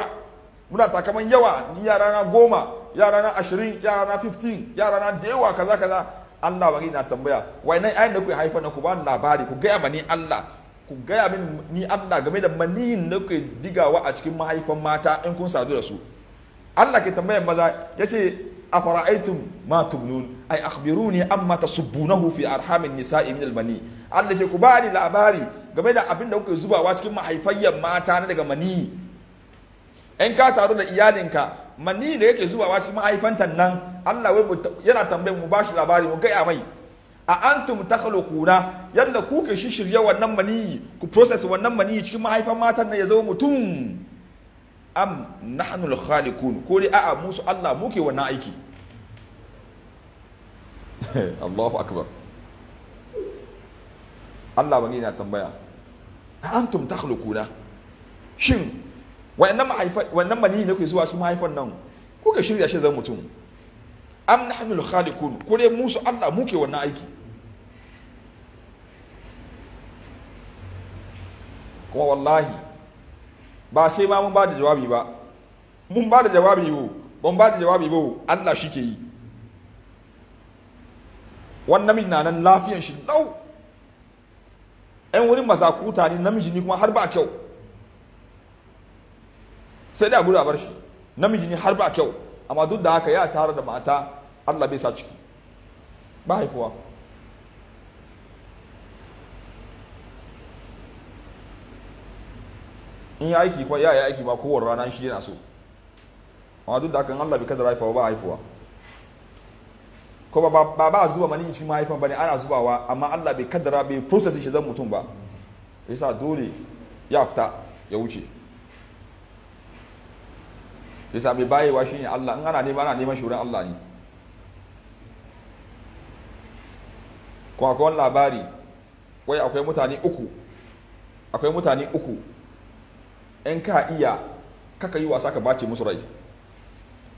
muna takaman yawa ni yara na goma yara na ashirin yara na fifteen yara na da yawa kaza kaza Allah wani na tambaya wai nan ayin da ku haifa na ku ba labari ku gaya mani Allah ku gaya min ni Allah game da maniyin da ku digawa a cikin mahaifan mata in kun sadu da su Allah ke tambayar maza ya ce afara'aytum ma tubnun ay akhbiruni amma tasubbunahu fi arhamin nisa'i min albani. Allah ku bani labari game da abin da kuke zubawa cikin mahaifayyan mata na daga mani in ka taru da iyalinka mani da yake zubawa cikin mahaifantan nan Allah wai yana tambayar mu bashi labari mu gaya mai a antum takhluquna yadda kuke shishirya wannan mani ku process wannan mani cikin mahaifan matan nan ya zama mutum am nahnul khaliqun ko dai a'a musu Allah muke wannan aiki Allahu akbar Allah bangi na tambaya antum takhluquna shin wannan mahaifa wannan mani ne kuke zuwa su mahaifan nan kuka shirya shi zan mutum am nahnul khaliqun ko dai musu Allah muke wannan aiki kuma wallahi ba sai ma mun ba da jawabi ba mun ba da jawabi ba mun ba da jawabi ba Allah shi ke yi wannan namiji na nan lafiyan shi lau ɗan wurin maza ne namiji ne kuma har ba kyau sai da gudu bar shi namiji ne har ba kyau amma duk da haka ya tara da mata Allah bai sa ciki ba haifuwa in ya aiki ko ya yi aiki ba kowar rana shi yana so amma duk da hakan Allah bai kadara haifawa ba haifuwa ko ba ba ba zuba mani cikin mahaifan bane ana zubawa amma Allah bai kadara bai process shi zan mutum ba yasa dole ya fita ya wuce yasa mai bayewa shine Allah in ana nema ana neman shi wurin Allah ne ko akwai labari wai akwai mutane uku akwai mutane uku in ka iya kaka yi wasa ka bace musu rai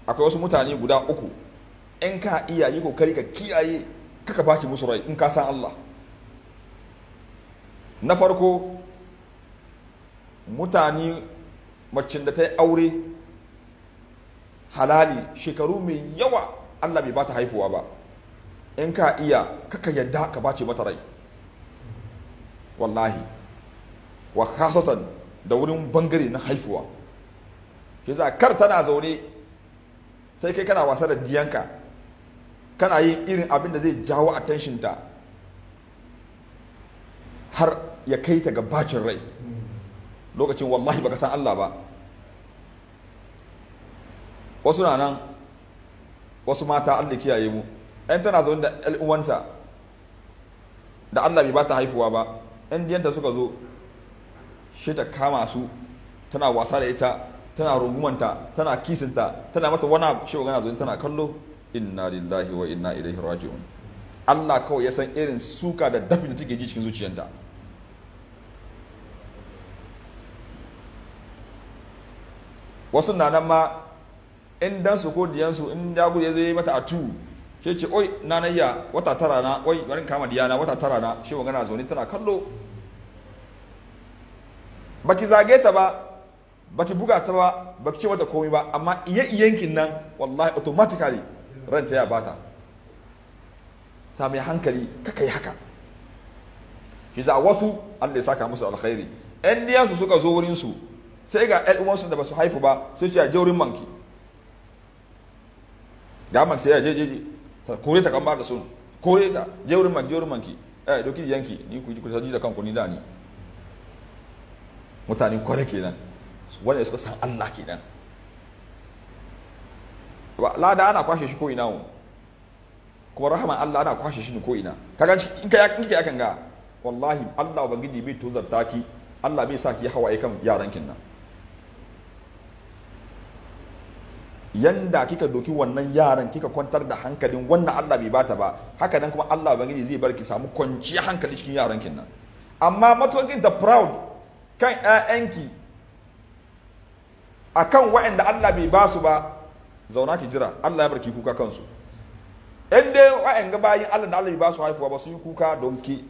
akwai wasu mutane guda uku in ka iya yi kokari ka kiyaye kaka bace musu rai in ka san Allah na farko mutane macin da ta yi aure halali shekaru mai yawa Allah bai bata haifuwa ba in ka iya kaka yadda ka bace mata rai wallahi wa khasatan da wurin bangare na haifuwa shi kar tana zaune sai kai kana wasa da diyanka kana yin irin abin da zai jawo attention ta har ya kai ta ga bacin rai lokacin wallahi baka san Allah ba wasu na nan wasu mata Allah kiyaye mu ɗan tana zaune da uwanta da Allah bai ba ta haifuwa ba ɗan diyanta suka zo shi ta kama su tana wasa da ita tana rungumanta tana kisinta tana mata wani abu shi gana zuwa tana kallo inna lillahi wa inna ilaihi raji'un Allah kawai ya san irin suka da dafin da take ji cikin zuciyanta. wasu na nan ma in dan su ko diyansu in ya gudu ya yi mata a tu sai ce oi nanayya wata tara na oi barin kama diyana wata tara na shi magana zaune tana kallo baki zage ta ba baki buga ta ba baki ce mata komai ba amma iya iyankin nan wallahi automatically ranta ya bata sami hankali ka kai haka shi za wasu Allah ya saka musu alkhairi ɗan diyansu suka zo wurin su sai ga ɗan uwansu da ba su haifu ba sai ce je wurin manki da manki ya je je je ta kore ta kan ba da sun kore ta je wurin manki je wurin manki eh doki yanki ni ku ji ku saji da kanku ni da ni mutane kware kenan wanda suka san Allah kenan lada ana kwashe shi ko ina wo kuma rahama Allah ana kwashe shi ko ina kaga in ka in ka yakan ga wallahi Allah ubangiji bai tozarta ki Allah bai sa ki hawaye kan yaran kin nan yanda kika doki wannan yaran kika kwantar da hankalin wannan Allah bai bata ba haka nan kuma Allah ubangiji zai bar ki samu kwanciyar hankali cikin yaran kin nan amma matukin da proud kan ‘ya'yanki a kan waɗanda Allah bai ba su ba zauna ki jira Allah ya barki kuka kansu in dai wa'an ga bayan Allah da Allah bai ba su haifuwa ba su yi kuka don ki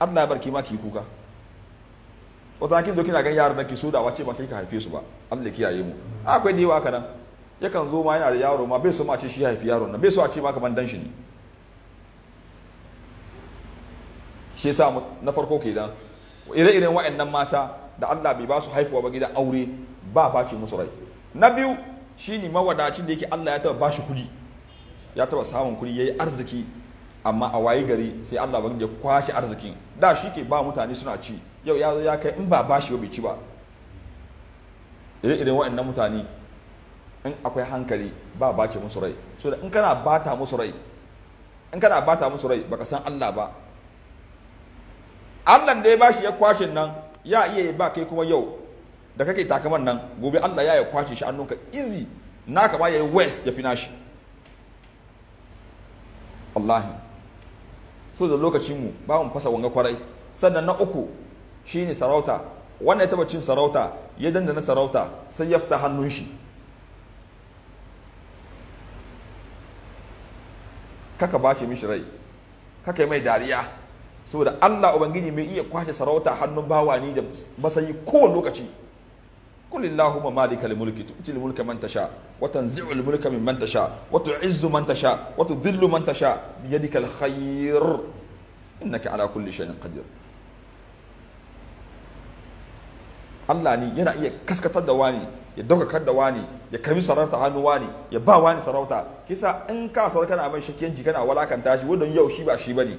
Allah ya barki ma ki kuka wata kin zo kina gan yaran ki so da wace ba kai ka haife su ba Allah kiyaye mu akwai da yawa haka nan yakan zo ma yana da yaro ma bai so ma ce shi haifi yaron nan bai so a ce ma kaman dan shi ne shi yasa na farko kenan ire-iren wa'annan mata da Allah bai ba su haifuwa ba gidan aure ba ce musu rai na biyu shine mawadacin da yake Allah ya taba bashi kudi ya taba samun kudi yayi arziki amma a waye gari sai Allah ba ya kwashi arzikin da shi ke ba mutane suna ci yau ya ya kai in ba bashi ba bai ci ba ire-iren wa'annan mutane in akwai hankali ba bace musu rai so in kana bata musu rai in kana bata musu rai baka san Allah ba Allah da ya bashi ya kwashe nan ya iya ba kai kuma yau da kake takaman nan gobe Allah ya ya kwashe shi annunka izi naka ya yi west ya fi nashi. wallahi so da lokacin mu ba mu fasa wanga kwarai sannan na uku shine sarauta wannan ya taba cin sarauta ya na sarauta sai ya fita hannun shi kaka bashi mishi rai kaka yi mai dariya saboda Allah ubangiji mai iya kwace sarauta hannun bawa da masayi kowane lokaci قل اللهم مالك الملك تؤتي الملك من تشاء وتنزع الملك ممن تشاء وتعز من تشاء وتذل من تشاء بيدك الخير إنك على كل شيء قدير Allah ne yana iya kaskatar da wani ya daukakar da wani ya karbi sarauta hannu wani ya ba wani sarauta kisa in ka sarauta kana mai shakiyanci kana walakanta shi wadon yau shi ba shi bane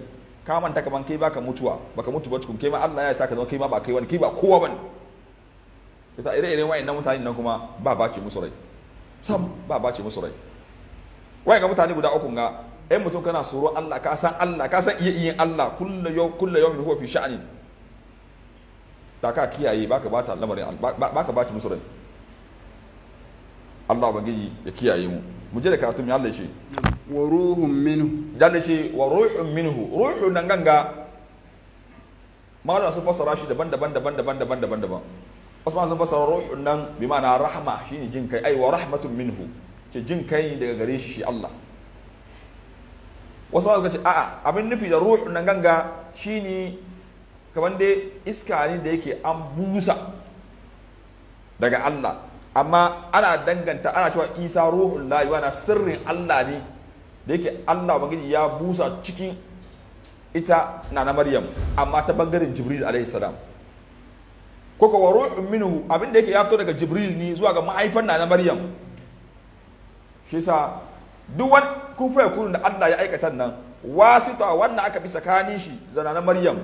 ka manta kaman kai baka mutuwa baka mutu ba tukun kai ma Allah ya saka zama kai ma ba kai wani kai ba kowa bane yasa ire-iren wayannan mutane nan kuma ba baci musu rai sam ba baci musu rai wayan ga mutane guda uku ga ɗan mutum kana tsoro Allah ka san Allah ka san iya iyin Allah kullu yau kullu yawmin huwa fi sha'ani da ka kiyaye baka bata lamarin baka baci musu rai Allah ubangiji ya kiyaye mu mu je da karatun ya Allah shi wa ruhun minhu shi wa ruhun minhu ruhu nan ganga malama sun fassara shi daban daban daban daban daban daban daban wasu ma sun fasara ruhun nan bi ma'ana rahma ne jin kai ai wa rahmatun minhu ce jin kai daga gare shi shi Allah wasu ma suka ce a'a abin nufi da ruhun nan ganga ne kamar dai iska ne da yake an busa daga Allah amma ana danganta ana cewa Isa ruhun layuwa na sirrin Allah ne da yake Allah ubangiji ya busa cikin ita na na Maryam amma ta bangaren Jibril alaihi salam ko ka wa ruhun minu abin da yake ya fito daga Jibril ne zuwa ga mahaifan na na Maryam shi yasa duk wani kufa yakunu da Allah ya aikata nan wasita wannan aka bi tsakanin shi da na Maryam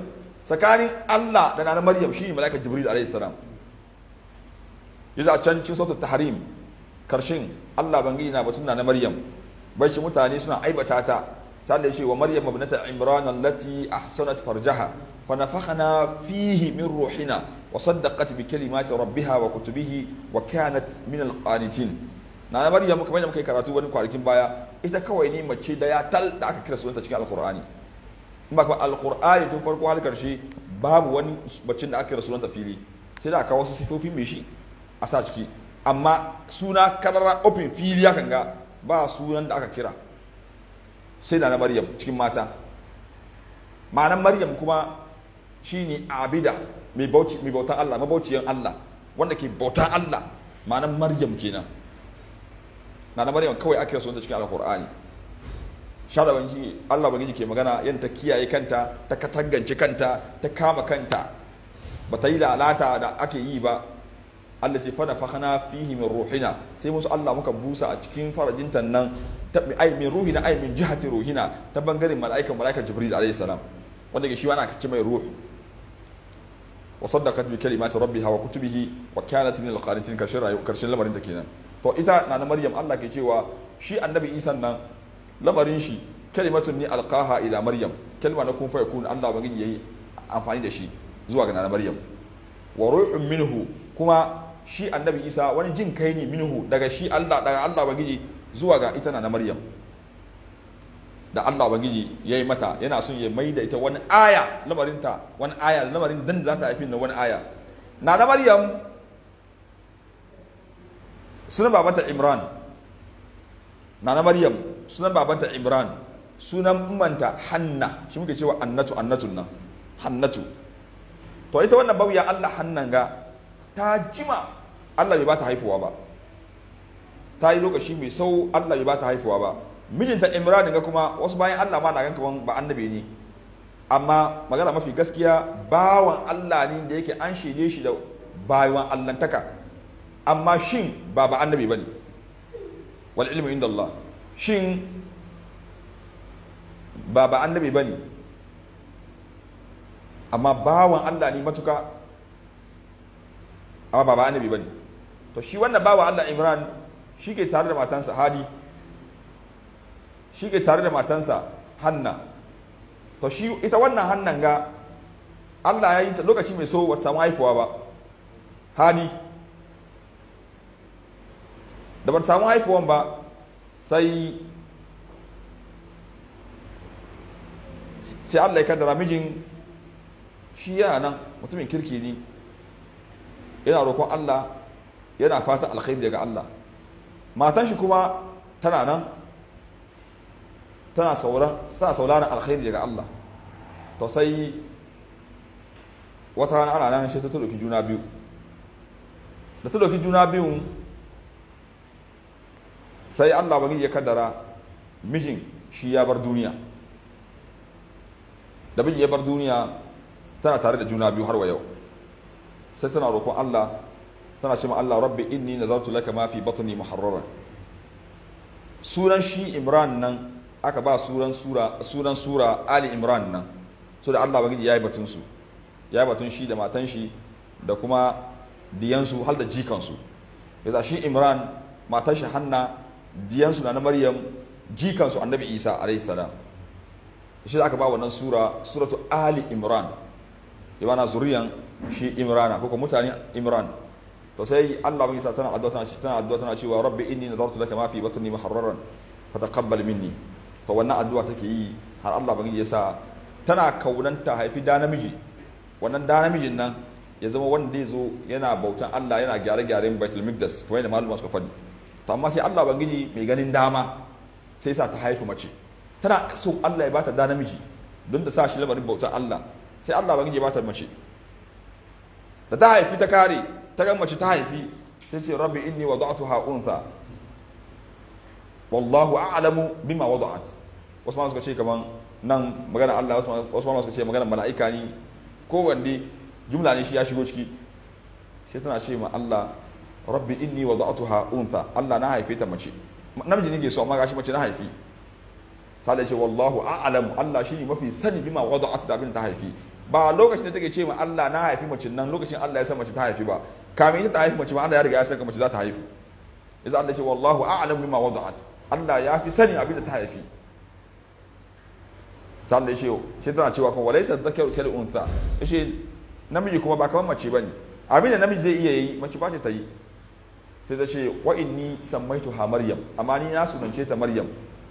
tsakanin Allah da na Maryam shi ne malaikar Jibril alaihi salam yasa can cikin sautar tahrim karshen Allah bangi na batun na Maryam bashi mutane suna aibata ta sanda shi wa maryam ibnata imran allati ahsanat farjaha fa nafakhna fihi min ruhina wa saddaqat bi kalimati rabbiha wa kutubihi wa kanat min alqanitin na maryam kamar da muka karatu wani kwanakin baya ita kawai ne mace da ya tal da aka kira sunanta cikin alqur'ani in ba kuma alqur'ani tun farko har karshe babu wani mace da aka kira sunanta fili sai da aka wasu sifofi mai shi a sa ciki amma suna kadara ofin fili ya kan ga ba sunan da aka kira sai da na maryam cikin mata ma'anan maryam kuma shine abida mai bauci mai bautan Allah mabauciyan Allah wanda ke bautan Allah ma'anan maryam kenan na na maryam kawai aka sunanta cikin alqur'ani shadaban shi Allah bangiji ke magana yan ta kiyaye kanta ta katangance kanta ta kama kanta bata yi lalata da ake yi ba Allah ce fada fahana fihi min ruhina sai musu Allah muka busa a cikin farajinta nan ta ai min ruhina ai min jihati ruhina ta bangaren mala'ika mala'ika jibril alayhi salam wanda ke shi wani aka ce mai ruhu wa saddaqat bi kalimati rabbiha wa kutubihi wa kanat min al-qanitin karshen karshen lamarin ta kenan to ita na na maryam Allah ke cewa shi annabi isa nan lamarin shi kalimatun ni alqaha ila maryam kalma na kun fa yakun Allah bangin yayi amfani da shi zuwa ga na maryam wa ruhun minhu kuma shi annabi isa wani jin kai ne minhu daga shi allah daga allah bagiji zuwa ga ita na maryam da allah bagiji ya yi mata yana son ya mai da ita wani aya lamarinta wani aya lamarin dan za ta haifi na wani aya na na maryam sunan babanta imran na na maryam sunan babanta imran sunan umanta hanna shi muke cewa annatu annatun nan hannatu to ita wannan bauya allah hannan ga ta jima Allah bai ba ta haifuwa ba ta yi lokaci mai sau Allah bai ba ta haifuwa ba mijinta Imran ga kuma wasu bayan Allah ma na gan kaman ba annabi ne amma magana mafi gaskiya bawan Allah ne da yake an shige shi da bayan allantaka amma shin ba ba annabi ba ne? wal ilmu inda Allah shin ba ba annabi ba ne? amma bawan Allah ne matuka amma ba ba annabi bane to shi wannan bawa Allah Imran shi ke tare da matansa Hadi shi ke tare da matansa Hanna to shi ita wannan Hannan ga Allah ya yi ta lokaci mai so wata samu haifuwa ba Hadi da ba samu haifuwan ba sai sai Allah ya kaddara mijin shi yana nan mutumin kirki ne yana roƙon Allah yana fatan alkhairi daga Allah matan shi kuma tana nan tana sauran tana sauraron alkhairi daga Allah to sai wata rana ana nan shi ta tudoki juna biyu da tudoki juna biyun sai Allah bangiji ya kaddara mijin shi ya bar duniya da mijin ya bar duniya tana tare da juna biyu har wa yau sai tana roƙon Allah tana ce ma Allah rabbi inni nazartu laka mafi fi batni muharrara suran shi Imran nan aka ba suran sura suran sura Ali Imran nan so da Allah bagiji yayi batun su yayi batun shi da matan shi da kuma diyansu har da jikansu yasa shi Imran matan shi Hanna diyansu na Maryam jikansu Annabi Isa alayhi salam shi aka ba wannan sura suratu Ali Imran yana zuriyan shi imrana ko mutanen imran to sai Allah bin sa tana addu'a tana addu'a tana cewa rabbi inni nadartu laka ma fi batni muharraran taqabbal minni to wannan addu'a take yi har Allah bin yasa tana kaunanta haifi da namiji wannan da namijin nan ya zama wanda ya zo yana bautan Allah yana gyare-gyaren Baitul Maqdis kamar yana maluma suka faɗi to amma sai Allah bangiji mai ganin dama sai sa ta haifi mace tana so Allah ya bata da namiji don da sa shi labarin bautan Allah sai Allah bangiji ya bata mace da ta haifi ta kare ta ga mace ta haifi sai ce rabbi inni wada'tuha untha wallahu a'lamu bima wada'at wasu ma suka ce kaman nan magana Allah wasu ma suka ce magana mala'ika ne kowanne jumla ne shi ya shigo ciki sai tana ce ma Allah rabbi inni wada'tuha untha Allah na haife ta mace namiji ne ke so amma gashi mace na haifi sai ce wallahu a'lamu Allah shi ne mafi sani bima wada'at da abin ta haifi ba lokacin da take ce ma Allah na haifi mace nan lokacin Allah ya san mace ta haifi ba kamin ta haifi mace ma Allah ya riga ya san mace za ta haifi yasa Allah ya ce wallahu a'lamu bima wada'at Allah ya fi sani abin da ta haifi sanda ya ce sai tana cewa kuma walaisa dhakaru kal untha yace namiji kuma ba kamar mace bane abin da namiji zai iya yi mace ba ta yi sai ta ce wa inni sammaituha maryam amma ni na sunance ta maryam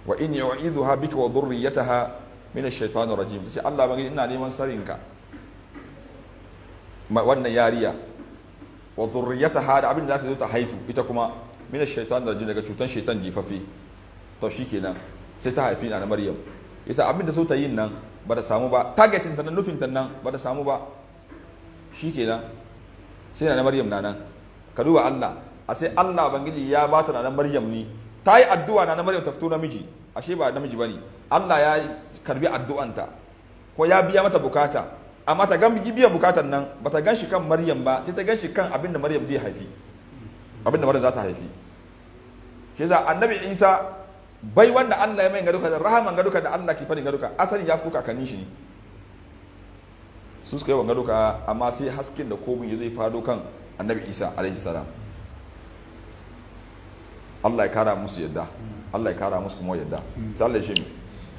wa inni u'idhuha bika wa dhurriyyataha mina shaitanu rajim ta ce Allah bangiji ina neman sarinka wannan yariya wa ha da abin da za ta zo ta haifu ita kuma mina shaitanu rajim daga cutan shaitan jifafi to kenan sai ta haifi na Maryam yasa abin da so ta yin nan ba ta samu ba targetin ta nan nufin ta nan ba ta samu ba shikenan sai na Maryam na nan ka duba Allah a sai Allah bangiji ya ba ta na Maryam ne ta yi addu'a na Maryam ta fito namiji ashe ba namiji bane Allah ya karbi addu'anta ko ya biya mata bukata amma ta gan biyan bukatan nan bata gan shi kan Maryam ba sai ta gan shi kan abin da Maryam zai haifi abin da Maryam za ta haifi shi za Annabi Isa bai wanda Allah ya mai ga da rahaman gaduka da Allah ke fari gaduka asali ya fito kakannin shi ne su suka yi wa gaduka amma sai hasken da kobin ya zai fado kan Annabi Isa alaihi salam Allah ya kara musu yadda Allah ya kara musu kuma yadda tsalle shi ya ce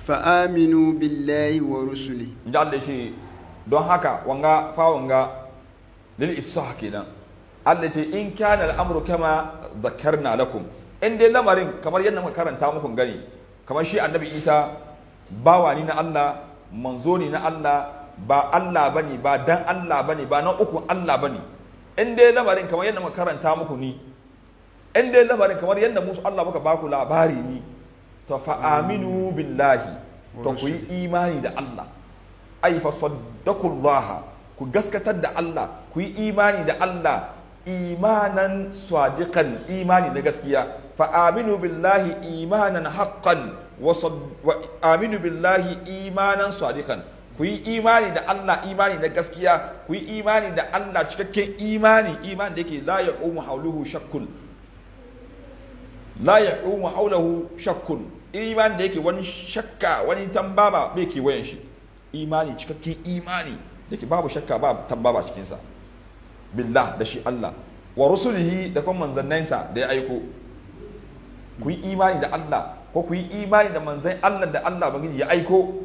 fa'aminu billahi wa rusuli inda Allah shi don haka wanga fa wanga lil ifsah kenan Allah ce in kana al'amru kama dhakarna lakum in dai lamarin kamar yadda muka karanta muku gani kamar shi annabi Isa bawa ni na Allah manzo ni na Allah ba Allah bane ba dan Allah bane ba na uku Allah bane in dai lamarin kamar yadda muka karanta muku ni in dai lamarin kamar yadda musu Allah muka baku labari ni to fa aminu billahi to ku yi imani da Allah ai fa saddaqullaha ku gaskatar da Allah ku yi imani da Allah imanan sadiqan imani na gaskiya fa aminu billahi imanan haqqan wa aminu billahi imanan sadiqan ku yi imani da Allah imani na gaskiya ku yi imani da Allah cikakken imani imani da yake la umu hauluhu shakkun la yaqumu haulahu shakkun iman da yake wani shakka wani tambaba bai wayan shi imani cikakken imani da ke babu shakka ba tambaba cikinsa billah da shi Allah wa rusulihi da kuma manzannansa da ya aiko ku yi imani da Allah ko ku yi imani da manzan Allah da Allah bangiji ya aiko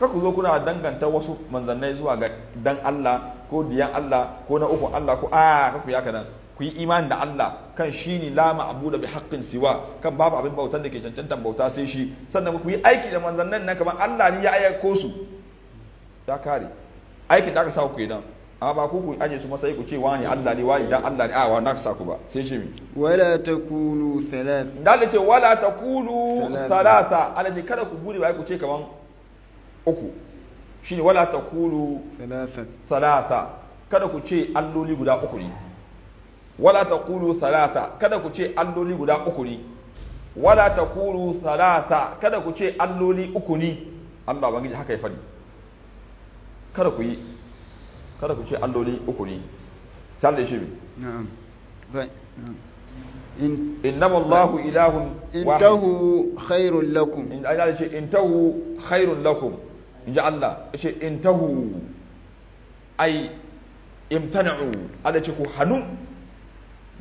ka ku zo kuna danganta wasu manzannai zuwa ga dan Allah ko diyan Allah ko na uku Allah ko a ku ya kanan ku yi imani da Allah kan shi ne la ma'budu bi haqqin siwa kan babu abin bautar da ke cancantan bauta sai shi sannan ku yi aiki da manzannin nan kamar Allah ne ya aiko su ya kare Aiki da aka sa ku kenan amma ba ku ku aje su masai ku ce wani Allah ne wani dan Allah ne a wani aka sa ku ba sai shi mi wala takulu thalatha dan ce wala takulu thalatha ala ce kada ku bude ba ku ce kaman uku shine wala takulu thalatha kada ku ce alloli guda uku ne wala taqulu thalatha kada ku ce alloli guda uku ne wala taqulu thalatha kada ku ce alloli uku ne Allah ubangiji haka ya fadi kada ku yi kada ku ce alloli uku ne sai da shi in innama Allahu ilahun intahu khairul lakum in Allah ce intahu khairul lakum in ji Allah ce ai imtana'u Allah ku hannu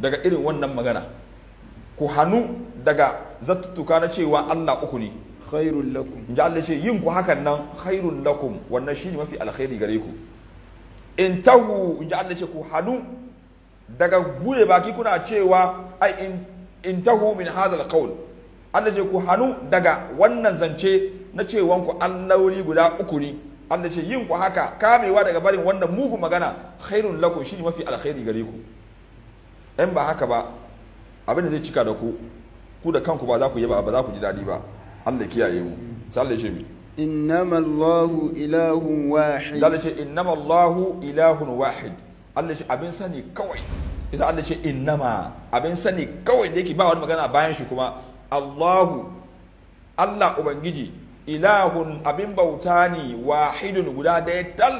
daga irin wannan magana ku hannu daga zattuka na cewa Allah uku ne khairul lakum Inji ji Allah ce yin ku hakan nan khairul lakum wannan shine mafi alkhairi gare ku in tahu Inji ji Allah ce ku hannu daga gure baki kuna cewa ai in in tahu min hadha alqawl Allah ce ku hannu daga wannan zance na cewan ku allawli guda uku ne Allah ce yin ku haka kamewa daga barin wannan mugun magana khairul lakum shine mafi alkhairi gare ku in ba haka ba abin da zai cika da ku ku da kanku ba za ku yi ba ba za ku ji daɗi ba Allah kiyaye mu sai shi mi innama Allahu ilahun wahid Allah ya innama Allahu ilahun wahid Allah abin sani kawai Isa Allah shi innama abin sani kawai da yake ba wani magana bayan shi kuma Allahu Allah ubangiji ilahun abin bauta ne wahidun guda daya tal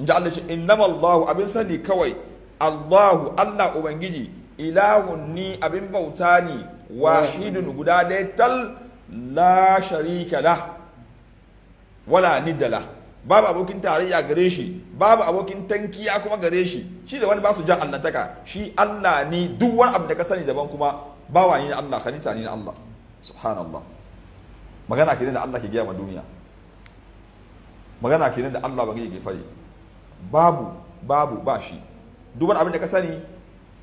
inji Allah ya ce innama Allahu abin sani kawai Allahu Allah Ubangiji ilahun ni abin bauta ne wahidun guda ɗaya tal la sharika la wala niddala babu abokin tarayya gare shi babu abokin tankiya kuma gare shi shi da wani ba su jan allantaka shi Allah ne duk wani abu da ka sani daban kuma bawa ni na Allah khalisa ni na Allah subhanallah magana kenan da Allah ke gaya ma duniya magana kenan da Allah ba ke fari babu babu ba shi duk wani abin da ka sani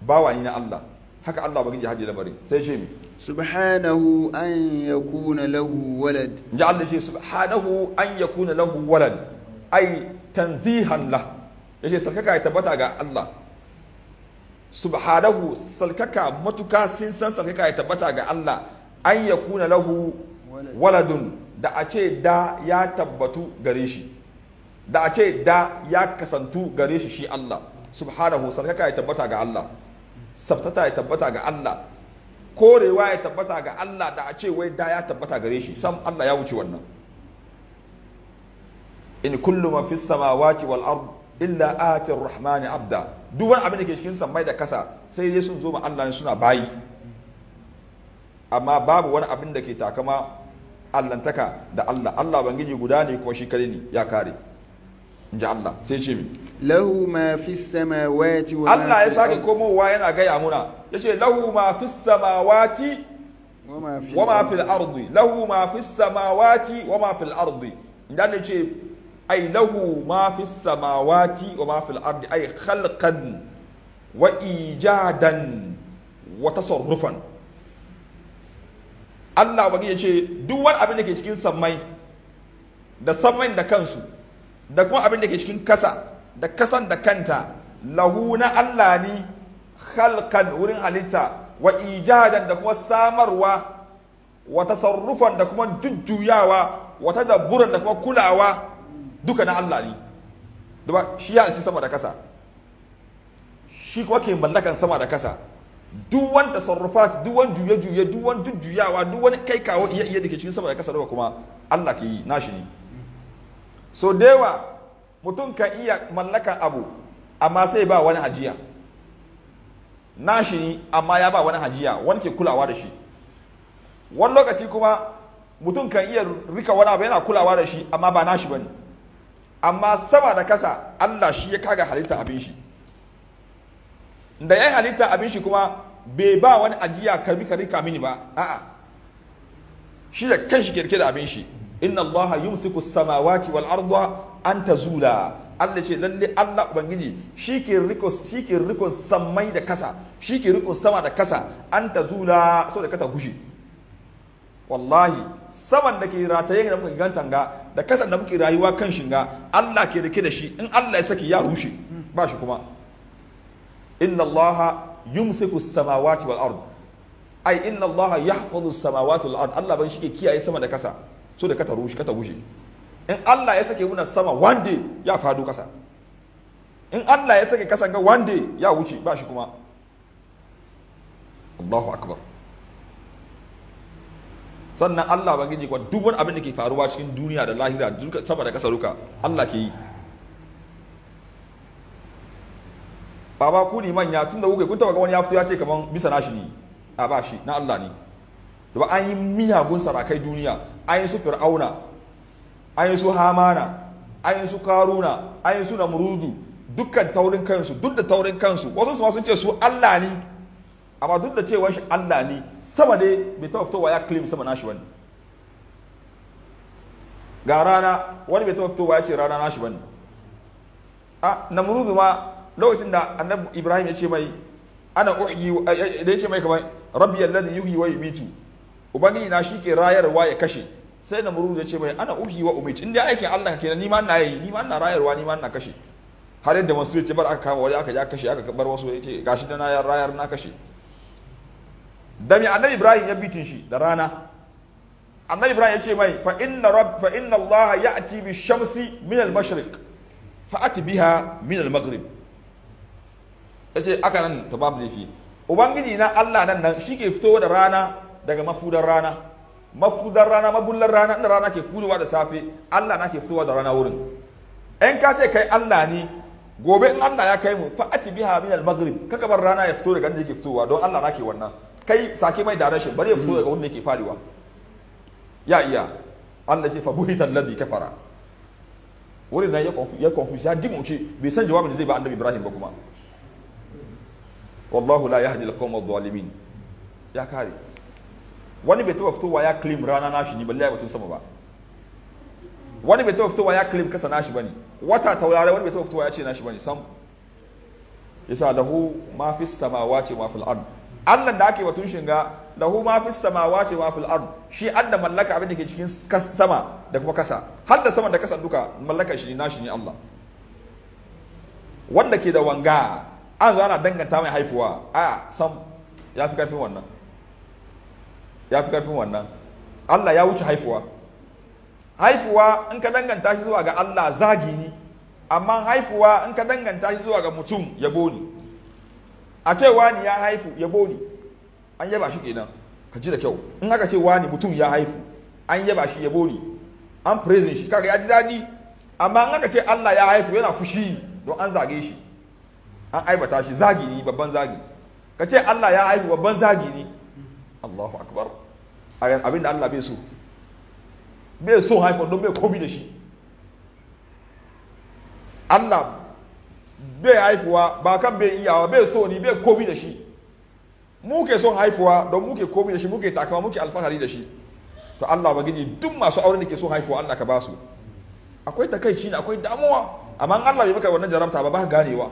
bawa ni na Allah haka Allah bagin hajji lamarin sai ce mi subhanahu an yakuna lahu walad inji Allah ce subhanahu an yakuna lahu walad ai tanzihan la yace sarkaka ya tabbata ga Allah subhanahu sarkaka matuka sun san sarkaka ya tabbata ga Allah an yakuna lahu waladun da a ce da ya tabbatu gare shi da a ce da ya kasantu gare shi shi Allah subhanahu sarkaka ya tabbata ga Allah sabtata ya tabbata ga Allah korewa ya tabbata ga Allah da a ce wai da ya tabbata gare shi sam Allah ya wuce wannan in kullu ma fis samawati wal ard illa ati rahmani abda duk wani abin da ke cikin samai da kasa sai dai sun zo ma Allah ne suna bayi amma babu wani abin da ke takama allantaka da Allah Allah bangiji guda ne kuma shi kare ne ya kare inji Allah sai ce mi lahu ma fis samawati wa Allah ya sake komowa yana gaya muna yace lahu ma fis samawati wa ma fil ardi lahu ma fis samawati wa ma fil ardi inda ne ce ai lahu ma fis samawati wa ma fil ardi ai khalqan wa ijadan wa tasarrufan Allah wani ya ce duk wani abin da ke cikin samai da samai da kansu da kuma abin da ke cikin kasa da kasan da kanta lahu na Allah ne khalqan wurin halitta wa ijadan da kuma samarwa wa tasarrufan da kuma jujjuyawa wa tadabburan da kuma kulawa duka na Allah ne duba shi ya alci sama da kasa shi kuwa ke mallakan sama da kasa duk wani tasarrufat duwan juye-juye duwan jujjuyawa duk kai kawo iya iya da ke cikin sama da kasa duka kuma Allah ke yi nashi ne so da yawa mutum kan iya mallaka abu amma sai ba wani hajiya na shi amma ya ba wani hajiya wani ke kulawa da shi wani lokaci kuma mutum kan iya rika wani abu yana kulawa da shi amma ba nashi ne. amma sama da kasa Allah shi ya kaga halitta abin shi da ya halitta abin shi kuma bai ba wani ajiya karbi ka rika mini ba a'a shi da kanshi kirke da abin shi inna allaha yumsiku samawati wal arda an tazula Allah ce lalle Allah ubangiji shike riko shike riko samai da kasa shike riko sama da kasa an tazula so da kata gushi wallahi saman da ke rataye da muka ganta ga da kasan da muke rayuwa kan shinga Allah ke rike da shi in Allah ya saki ya rushe ba shi kuma inna allaha yumsiku samawati wal ard ai inna allaha yahfazu samawati wal ard Allah ban shi ke kiyaye sama da kasa so da kata rushe kata rushe in Allah ya sake muna sama one day ya fado kasa in Allah ya sake kasan ga one day ya wuce ba shi kuma Allahu akbar sannan Allah ba gije kwa duk abin da ke faruwa cikin duniya da lahira duka sama da kasa ruka Allah ke yi baba ku ne manya tun da kuka kun taba ga wani ya fito ya ce kaman bisa nashi ne a ba shi na Allah ne da ba an yi miyagun sarakai duniya an yi su fir'auna an yi su hamana an yi su karuna an yi su namrudu dukkan taurin kansu duk da taurin kansu wasu su sun ce su Allah ne amma duk da cewa shi Allah ne sama dai bai taɓa fitowa ya claim sama nashi bane ga rana wani bai taɓa fitowa ya ce rana nashi bane a namrudu ma lokacin da annabi Ibrahim ya ce mai ana uhyi da ya ce mai kamar rabbi alladhi yuhyi wa yumitu ubangiji na shi ke rayarwa ya kashe sai na muru ya ce mai ana uhi wa umit in dai aikin Allah kenan ni ma na yi ni ma na rayarwa ni ma na kashe har yadda mansur ce bar aka kama wani aka ja kashe aka bar wasu ya ce gashi da na rayar na kashe da mai annabi ibrahim ya bitin shi da rana annabi ibrahim ya ce mai fa inna rabb fa inna allah ya'ti bi shamsi min al mashriq fa ati biha min al maghrib ce aka nan ta babu laifi. ubangiji na allah nan nan shi ke fito da rana daga mafudar rana mafudar rana mabullar rana inda rana ke kudowa da safe Allah na ke fitowa da rana wurin in ka ce kai Allah ne gobe in Allah ya kai mu fa ati biha min al-maghrib kaka bar rana ya fito daga inda yake fitowa don Allah na ke wannan kai sake mai da rashin bari ya fito daga wanda yake fariwa ya iya Allah ce fa buhita alladhi kafara wurin na ya confusion ya dimuce bai san jawabin da zai ba annabi Ibrahim ba kuma Wallahu والله لا يهدي القوم الظالمين ya kare. wani bai taba fitowa ya claim rana nashi ne balle ya batun sama ba wani bai taba fitowa ya claim kasa nashi bane wata taurare wani bai taba fitowa ya ce nashi bane sam yasa lahu ma fi wace ma fil ard nan da ake batun shinga lahu ma fi samawati ma fil ard shi da mallaka abin da ke cikin sama da kuma kasa har da sama da kasa duka mallaka shi nashi ne Allah wanda ke da wanga an zana danganta mai haifuwa a sam ya fi karfin wannan ya fi karfin wannan Allah ya wuce haifuwa haifuwa in ka danganta shi zuwa ga Allah zagi ne amma haifuwa in ka danganta shi zuwa ga mutum yabo ne a ce wani ya haifu yabo ne an yaba shi kenan ka ji da kyau in aka ce wani mutum ya haifu an yaba shi yabo ne an praising shi kaga ya ji daɗi amma in aka ce Allah ya haifu yana fushi don an zage shi an aibata shi zagi ne babban zagi ka ce Allah ya haifu babban zagi ne Allahu akbar abinda Allah bai so bai so haifar don bai komi da shi Allah bai haifuwa ba kan bai iyawa bai so ni bai komi da shi muke son haifuwa don muke komi da shi muke takama muke alfahari da shi to Allah gini duk masu auren da ke son haifuwa Allah ka ba su akwai takaici ne akwai damuwa amma Allah bai maka wannan jarabta ba ba ganewa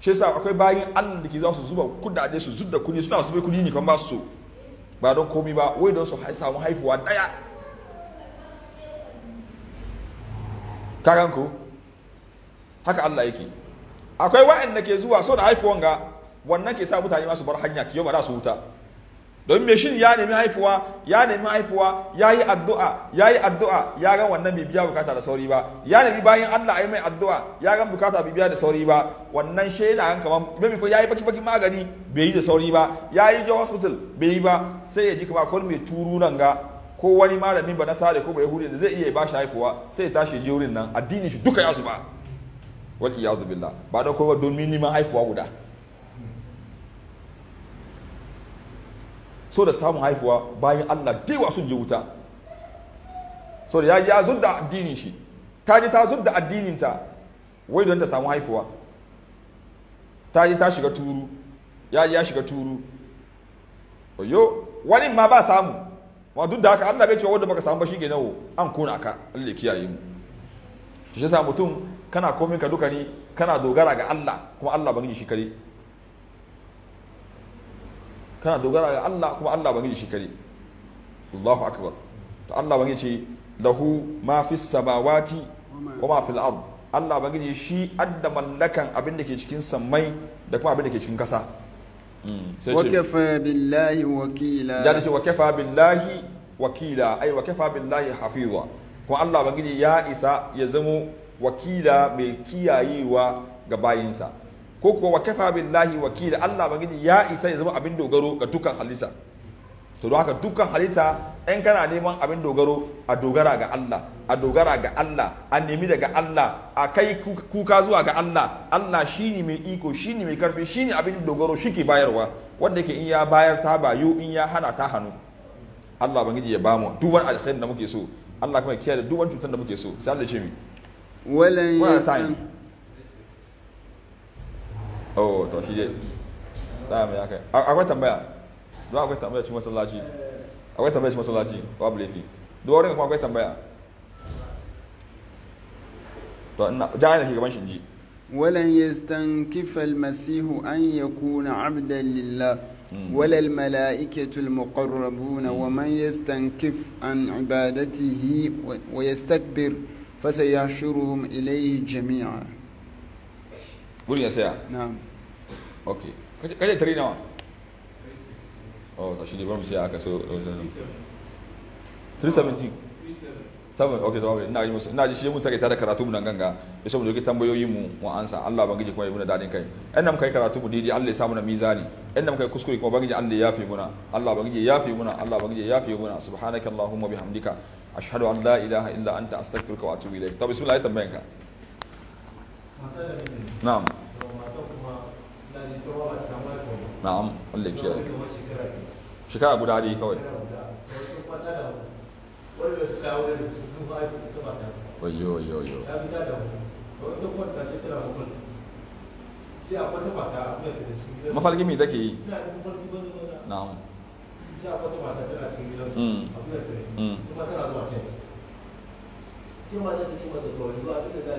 shi yasa akwai bayan Allah da ke za su zuba kudade su zudda kuni suna su bai kuni ne kan ba su so ba don komi ba wai don su samu haifuwa daya kaganku haka Allah yake akwai wa'anda ke zuwa so da haifuwan ga wannan ke sa mutane masu bar hanya kiyo ba za su wuta don me shin ya nemi haifuwa ya nemi haifuwa ya yi addu'a ya yi addu'a ya ga wannan bai biya bukata da sauri ba ya nemi bayan Allah ai mai addu'a ya ga bukata bai biya da sauri ba wannan shaida an kaman bai ko yayi baki baki magani bai yi da sauri ba yayi je hospital bai yi ba sai ya ji kuma ko mai turu nan ga ko wani malami ba nasare ko bai yahudi da zai iya ba shi haifuwa sai ya tashi je wurin nan addinin shi duka ya zuba ba wal iyadu billah ba da ba domin neman haifuwa guda so da samun haifuwa bayan Allah dewa sun je wuta so da ya zudda addinin shi ta ji ta zudda addinin ta wai don ta samu haifuwa ta ji ta shiga turu ya ji ya shiga turu oyo wani ma ba samu ma duk da haka Allah bai cewa wanda baka samu ba shi nawo an kona ka Allah kiyaye mu shi yasa mutum kana komin ka duka ni kana dogara ga Allah kuma Allah bangiji shi kare kana dogara ga Allah kuma Allah bangiji shi kare Allahu akbar to Allah bangiji ce lahu ma fis samawati wa ma fil ard Allah bangiji shi adda mallakan abin da ke cikin samai da kuma abin da ke cikin kasa hmm. wa kafa billahi wakila ya ce wa kafa billahi wakila ai wa kafa billahi hafiza kuma Allah bangiji ya isa ya zamo wakila mai kiyayewa ga bayinsa ko kuwa wa kafa billahi wakila Allah bangiji ya isa ya zama abin dogaro ga dukkan halitta to don haka dukkan halitta ɗan kana neman abin dogaro a dogara ga Allah a dogara ga Allah a nemi daga Allah a kai kuka zuwa ga Allah Allah shine mai iko shine mai karfi shine abin dogaro shike bayarwa wanda yake in ya bayar ta bayo. in ya hana ta hannu Allah bangiji ya bamu duk wani alkhairin da muke so Allah kuma ya kiyaye duk cutar da muke so sai Allah ya ce mi walan oh to shi dai da mai haka akwai tambaya don akwai tambaya cikin masallaci akwai tambaya cikin masallaci ko abu laifi duk wurin kuma akwai tambaya to ina jaya ne ke gaban shi inji ولن يستنكف المسيح أن يكون عبدا لله ولا الملائكة المقربون ومن يستنكف عن عبادته ويستكبر فسيحشرهم إليه جميعا gurin ya saya na'am ok kaje tare nawa oh ta shi ne mu saya aka so 370 7 ok to ina ji na ji shi mun tare da karatu mun ganga ya samu doki tambayoyi mu mu ansa Allah bangiji kuma ya muna dadin kai inda muka kai karatu mu didi Allah ya samu na mizani inda muka kai kuskure kuma bangiji Allah ya yafe muna Allah bangiji ya yafe muna Allah bangiji ya yafe muna subhanakallahumma bihamdika ashhadu an la ilaha illa anta astaghfiruka wa atubu ilaik to bismillah tambayanka na'am na'am wanda ke yi shekara guda ne kawai wanda suka hau da su sun ba aiki ta mata da shi a kwata sai tana tana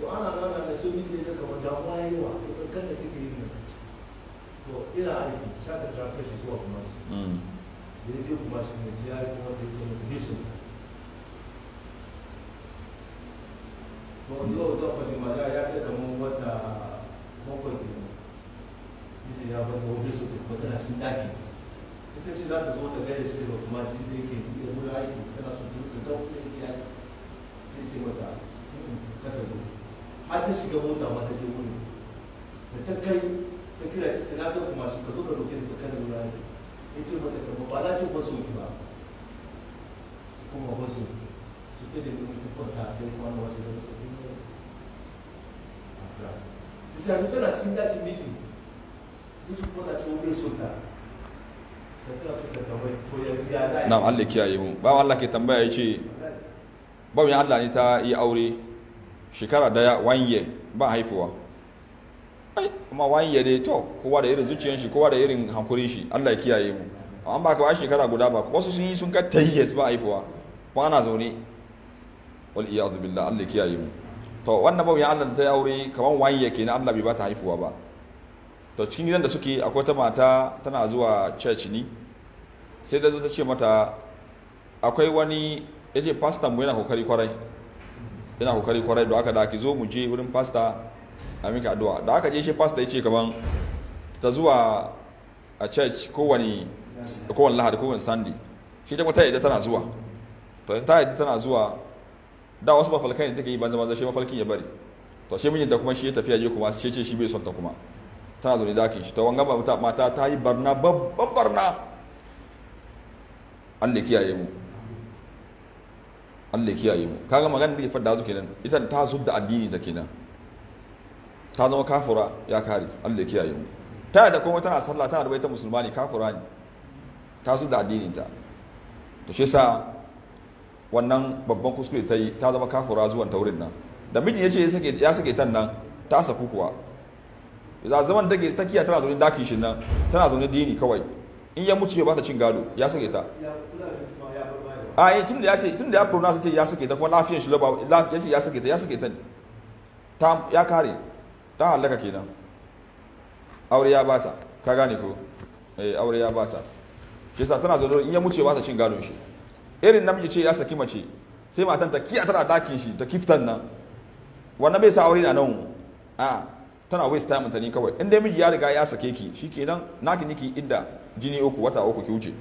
to ana rana da sun yi da kama damuwa yi wa to kankan da suke yin nan to ina aiki shaka ta shi zuwa kuma su mm. da ya je kuma su ne sai ya yi kuma da ya ce mutu nisu to yau zuwa fadi ma ya kai kamar wata bakwai ke nan ita ya bata wani su kuma tana cin daki ita ce za ta zo ta gaida sai ba kuma su da yake iya wurin aiki tana so ta wuce ta wuce yake sai ce mata kada zo har ta shiga mota ma ta je gudu da ta kai ta kira ta ce na ta kuma shi ka zo ka roƙe ni ka kada wuri ne ya ce mata kama ba na ce ba su ba kuma ba so shi ta da ta kwanta a kai kwana wajen da ta kuma shi sai ku tana cikin dakin miji miji kuma na ce wani sulta na Allah kiyaye mu ba Allah ke tambaya ya ce ba mu Allah ne ta yi aure shekara daya one year ba haifuwa ai kuma one year dai to kowa da irin zuciyar shi kowa da irin hankurin shi Allah ya kiyaye mu An ba ka ba shekara guda ba wasu sun yi sun ka yes ba haifuwa ba ana zaune wal iyadu billah Allah ya kiyaye mu to wannan babu ya Allah ta aure kaman one year kenan Allah bai ba ta haifuwa ba to cikin gidan da suke akwai ta mata tana zuwa church ni sai da zo ta ce mata akwai wani yace pastor mu yana kokari kwarai ina kokari kwarai da aka da ki zo mu je wurin pasta a miki addu'a da aka je shi pasta yace kaman ta zuwa a church kowani wani lahadi wani sunday shi ta kwata yadda tana zuwa to in ta yadda tana zuwa da wasu mafalkai ne take yi banza banza shi mafalkin ya bari to shi mijinta kuma shi ya tafiya je kuma shi ce shi bai son ta kuma tana zo ne dakin shi to wanga mata ta yi barna babban barna Allah kiyaye mu Allah ya kiyaye mu kaga magana da ke fadda zuke kenan ita ta zubda addini ta kenan ta zama kafura ya kare Allah ya kiyaye mu ta da kuma tana sallah tana da bai ta musulmani kafura ne ta zubda addini ta to shi yasa wannan babban kuskure ta yi ta zama kafura zuwan taurin nan da mijin yace ya sake ya sake tan nan ta saku kuwa za zaman take ta kiya tana zaune dakin shi nan tana zaune dini kawai in ya mutu ya ba ta cin gado ya sake ta a yi eh, tun da ya ce tun da ya kuruna su ce ya suke ta kuma lafiyar shi laba ya ce ya suke ta ya suke ta ne ya kare ta halaka kenan aure ya bata ka gane ko eh aure ya bata shi sa tana zaune in ya muce ba ta cin gadon shi irin namiji ce ya saki mace sai matan ta kiya tana dakin shi ta kiftan nan wannan bai sa aure na nan a tana waste time ta ne kawai inda miji ya riga ya sake ki shikenan naki niki inda jini uku wata uku ki wuce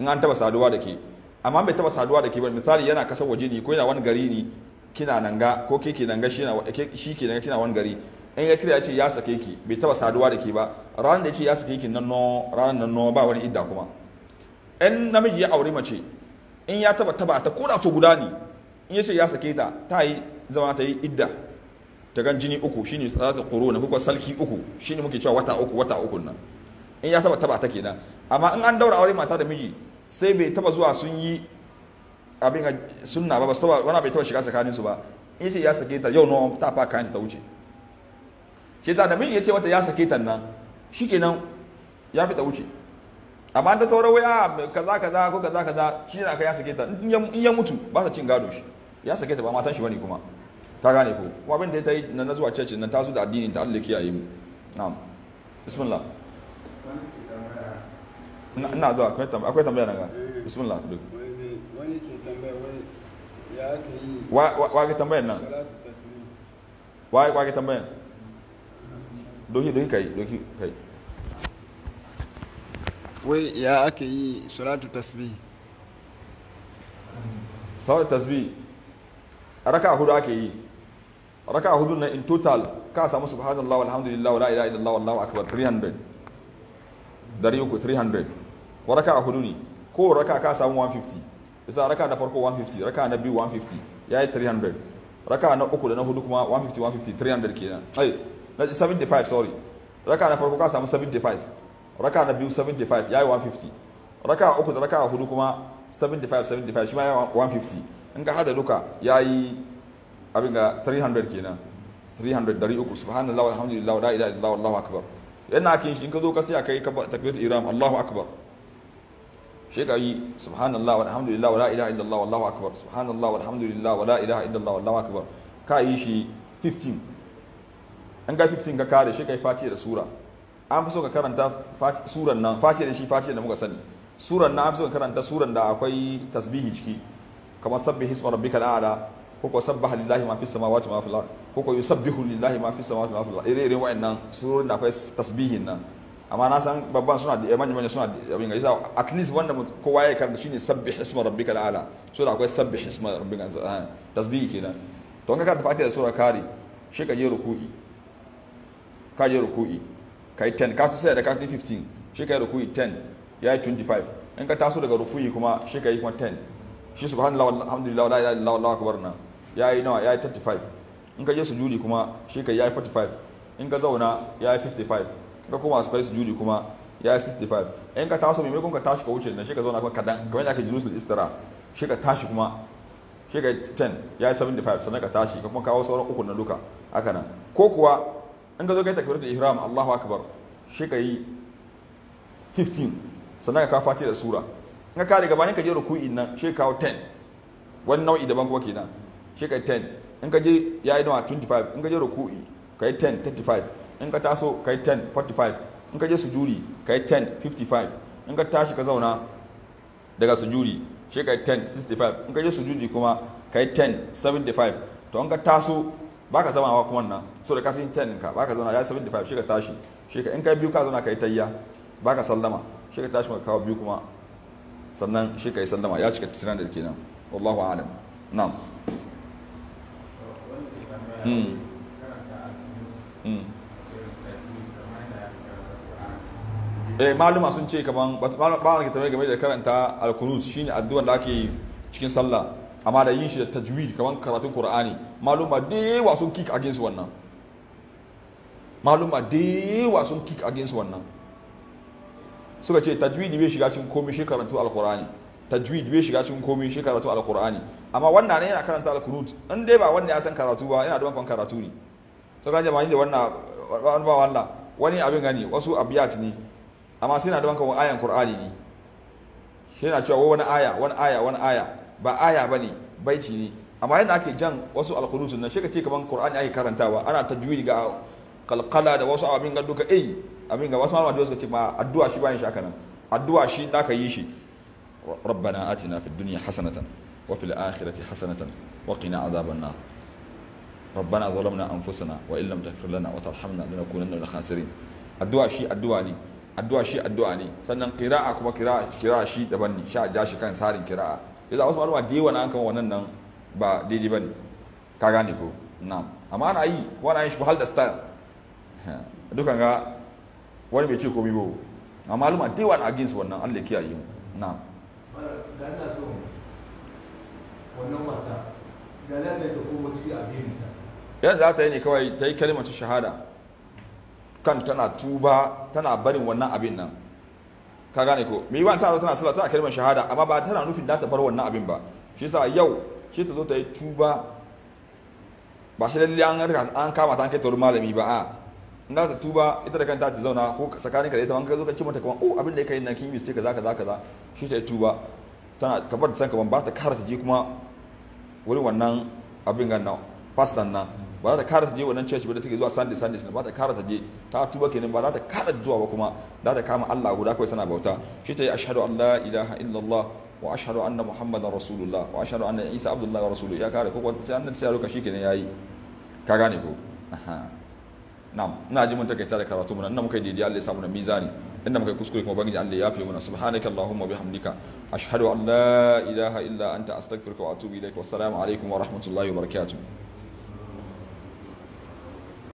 in an taba saduwa da ke amma bai taba saduwa da ke ba misali yana kasar waje ne ko yana wani gari ne kina nan ga ko ke ke nan ga shi ke nan kina wani gari in ya kira ya ce ya sake ki bai taba saduwa da ke ba ranar da ya ce ya sake ki nan no ranar nan no ba wani idda kuma in namiji ya aure mace in ya taba taba ta koda so guda ne in ya ce ya sake ta ta yi zama ta yi idda ta gan jini uku shine koro na kuka salki uku shine muke cewa wata uku wata uku nan in ya taba taba ta kenan amma in an daura aure mata da miji sai bai taba zuwa sun yi abin sunna ba ba su taba bai taba shiga tsakanin su ba in ce ya sake ta yau nawa ta fa kayan ta wuce shi yasa da miji ya ce mata ya sake ta nan shikenan ya fita wuce amma da sauran waya ah, kaza kaza ko kaza kaza shi na ka ya sake ta in ya mutu ba sa cin gado shi ya sake ta ba matan shi bane kuma ta gane ko kuma abin da ta yi na zuwa church nan ta su da addinin ta Allah kiyaye mu na'am bismillah ina zuwa akwai tambaya tambaya daga bismillah duk wani ke tambaya wani ya aka yi wa ke tambayan nan wa wa ke tambayan doki doki kai doki kai wai ya aka yi salatu tasbih salatu tasbih raka hudu ake yi raka hudu na in total ka samu subhanallah walhamdulillah wala ilaha illallah wallahu akbar 300 300 wa a hudu ne ko raka ka samu 150 bisa raka na farko 150 raka na biyu 150 ya yi 300 raka na uku da na hudu kuma 150 150 300 kenan ai na 75 sorry raka na farko ka samu 75 raka na biyu 75 ya yi 150 raka uku da raka hudu kuma 75 75 shi ma yi 150 in ka hada duka yayi abin ga 300 kenan 300 dari uku subhanallah walhamdulillah la ilaha illallah wallahu akbar yana kin shi in ka zo ka sai kai ka takbir ihram Allahu akbar shi ka yi subhanallah walhamdulillah wala ilaha illallah wallahu akbar subhanallah walhamdulillah wala ilaha illallah wallahu akbar ka yi shi 15 an ga 15 ka kare shekai fati da sura an fi so ka karanta suran nan fati da shi fati da muka sani suran nan an fi so ka karanta suran da akwai tasbihi ciki kamar sabbihi isma rabbikal a'la ko ko sabbaha lillahi ma fis samawati ma fil ard ko ko yusabbihu lillahi ma fis samawati ma fil ard irin wa'annan surun da akwai tasbihin nan amma na san babban suna da manyan eh, manyan suna da abin gaisa at least wanda kowa ya karanta shine sabbi hisma rabbika al'ala so da akwai sabbi hisma rabbika eh, tasbihi kenan to an ka karanta fatiha da sura kari shi ka je ruku'i ka je ruku'i kai 10 ka tsaya da ka 15 shi ka yi ruku'i 10 ya yi 25 in ka taso daga ruku'i kuma shi ka yi kuma 10 shi subhanallahi alhamdulillah la ilaha illallah wallahu akbar na ya yi nawa ya yi 35 in ka je sujudi kuma shi ka yi 45 in ka zauna ya yi 55 ka koma su kai sujudi kuma ya yi 65 in ka taso maimakon ka tashi ka wuce na shi ka zauna kuma kadan kamar yadda ake julusul istira shi ka tashi kuma shi ka 10 ya yi 75 sannan ka tashi ka kuma kawo sauran uku na duka haka nan ko kuwa in ka zo kai takbiratul ihram Allahu akbar shi ka yi 15 sannan ka kawo fatiha da sura in ka kare gabanin ka je ruku'in nan shi ka kawo 10 wani nau'i daban kuma kenan shi ka 10 in ka je ya yi nawa 25 in ka je ruku'i ka yi 10 35 in ka taso ka yi 10 in ka je sujudi ka yi 10:55 in ka tashi ka zauna daga su juri shi ka yi 10 in ka je su juri kuma ka yi 10 to in ka taso ba ka zama wa kuma nan so da kafin 10 ka ba ka zauna ya 75 shi ka tashi shi ka in ka biyu ka zauna ka yi tayya ba ka sallama shi ka tashi ka kawo biyu kuma sannan shi ka yi sallama ya cika da kenan wallahu a'lam na'am Mm. Hmm. hmm. eh maluma sun ce kaman ba a kitabai game da karanta alkunus shi shine addu'ar da ake cikin sallah amma da yin shi da tajwid kaman karatun qur'ani maluma da yawa sun kick against wannan maluma da yawa sun kick against wannan suka ce tajwid bai shiga cikin komai shi karatu alkurani tajwid bai shiga cikin komai shi karatu alkurani amma wannan ne yana karanta alkunus in dai ba wanda ya san karatu ba yana da karatu ne sai ga jama'a da wannan ba wannan wani abin gani wasu abiyat ne amma sai na da wankan ayan qur'ani ne shi na cewa wani aya wani aya wani aya ba aya ba ne baici ne amma yadda ake jan wasu alqunutun nan shi ka ce kaman qur'ani ake karantawa ana ta juyi ga kalkala da wasu abin ga duka eh abin ga wasu malama da suka ce ma addu'a shi bayan shi haka nan addu'a shi da ka yi shi rabbana atina fid dunya hasanatan wa fil akhirati hasanatan wa qina adhaban nar ربنا ظلمنا انفسنا وان لم تغفر لنا وترحمنا لنكونن من الخاسرين addu'a shi addu'a ne addu'a shi addu'a ne sannan kira'a kuma kira'a qira'a shi daban ne sha ja shi kan sarin kira'a yanzu wasu malama da yawa an kan wannan nan ba daidai ba ne ka gane ko na amma ana yi kuma ana yin shi hal da style dukan ga wani bai ce komi ba amma maluma da yawa na against wannan Allah kiyaye mu ga ina so wannan mata da lafiya ta koma ciki ta yanzu za ta yi ne kawai ta yi kalmar shahada kan tana tuba tana barin wannan abin nan ka gane ko me yiwa ta zo tana sallah tana kalmar shahada amma ba tana nufin da ta bar wannan abin ba shi yasa yau shi ta zo ta yi tuba ba shi lalle an an kama ta an kai taurin malami ba a in za ta tuba ita da kanta ta zauna ko ka da ita man ka zo ka ci mata kuma oh abin da kai nan kin mistake kaza kaza kaza shi ta yi tuba tana kabar da san kaman ba ta kara ta je kuma wurin wannan abin gan nan fastan nan ba za ta kara ta je wannan church ba da take zuwa sunday sunday ba za ta kara ta je ta tuba kenan ba za ta kara zuwa ba kuma za ta kama Allah guda kawai tana bauta shi ta yi ashhadu an la ilaha illallah wa ashhadu anna muhammadan rasulullah wa ashhadu anna isa abdullahi wa rasuluhu ya kare ko kwanta sai annabi sai roka shikenan yayi ka gane ko na'am ina ji mun takaita da karatu mun nan muka yi daidai Allah ya samu na mizani inda muka yi kuskure kuma bangiji Allah ya yafe mana subhanaka allahumma bihamdika ashhadu an la ilaha illa anta astaghfiruka wa atubu ilaik wa assalamu alaikum wa rahmatullahi wa barakatuh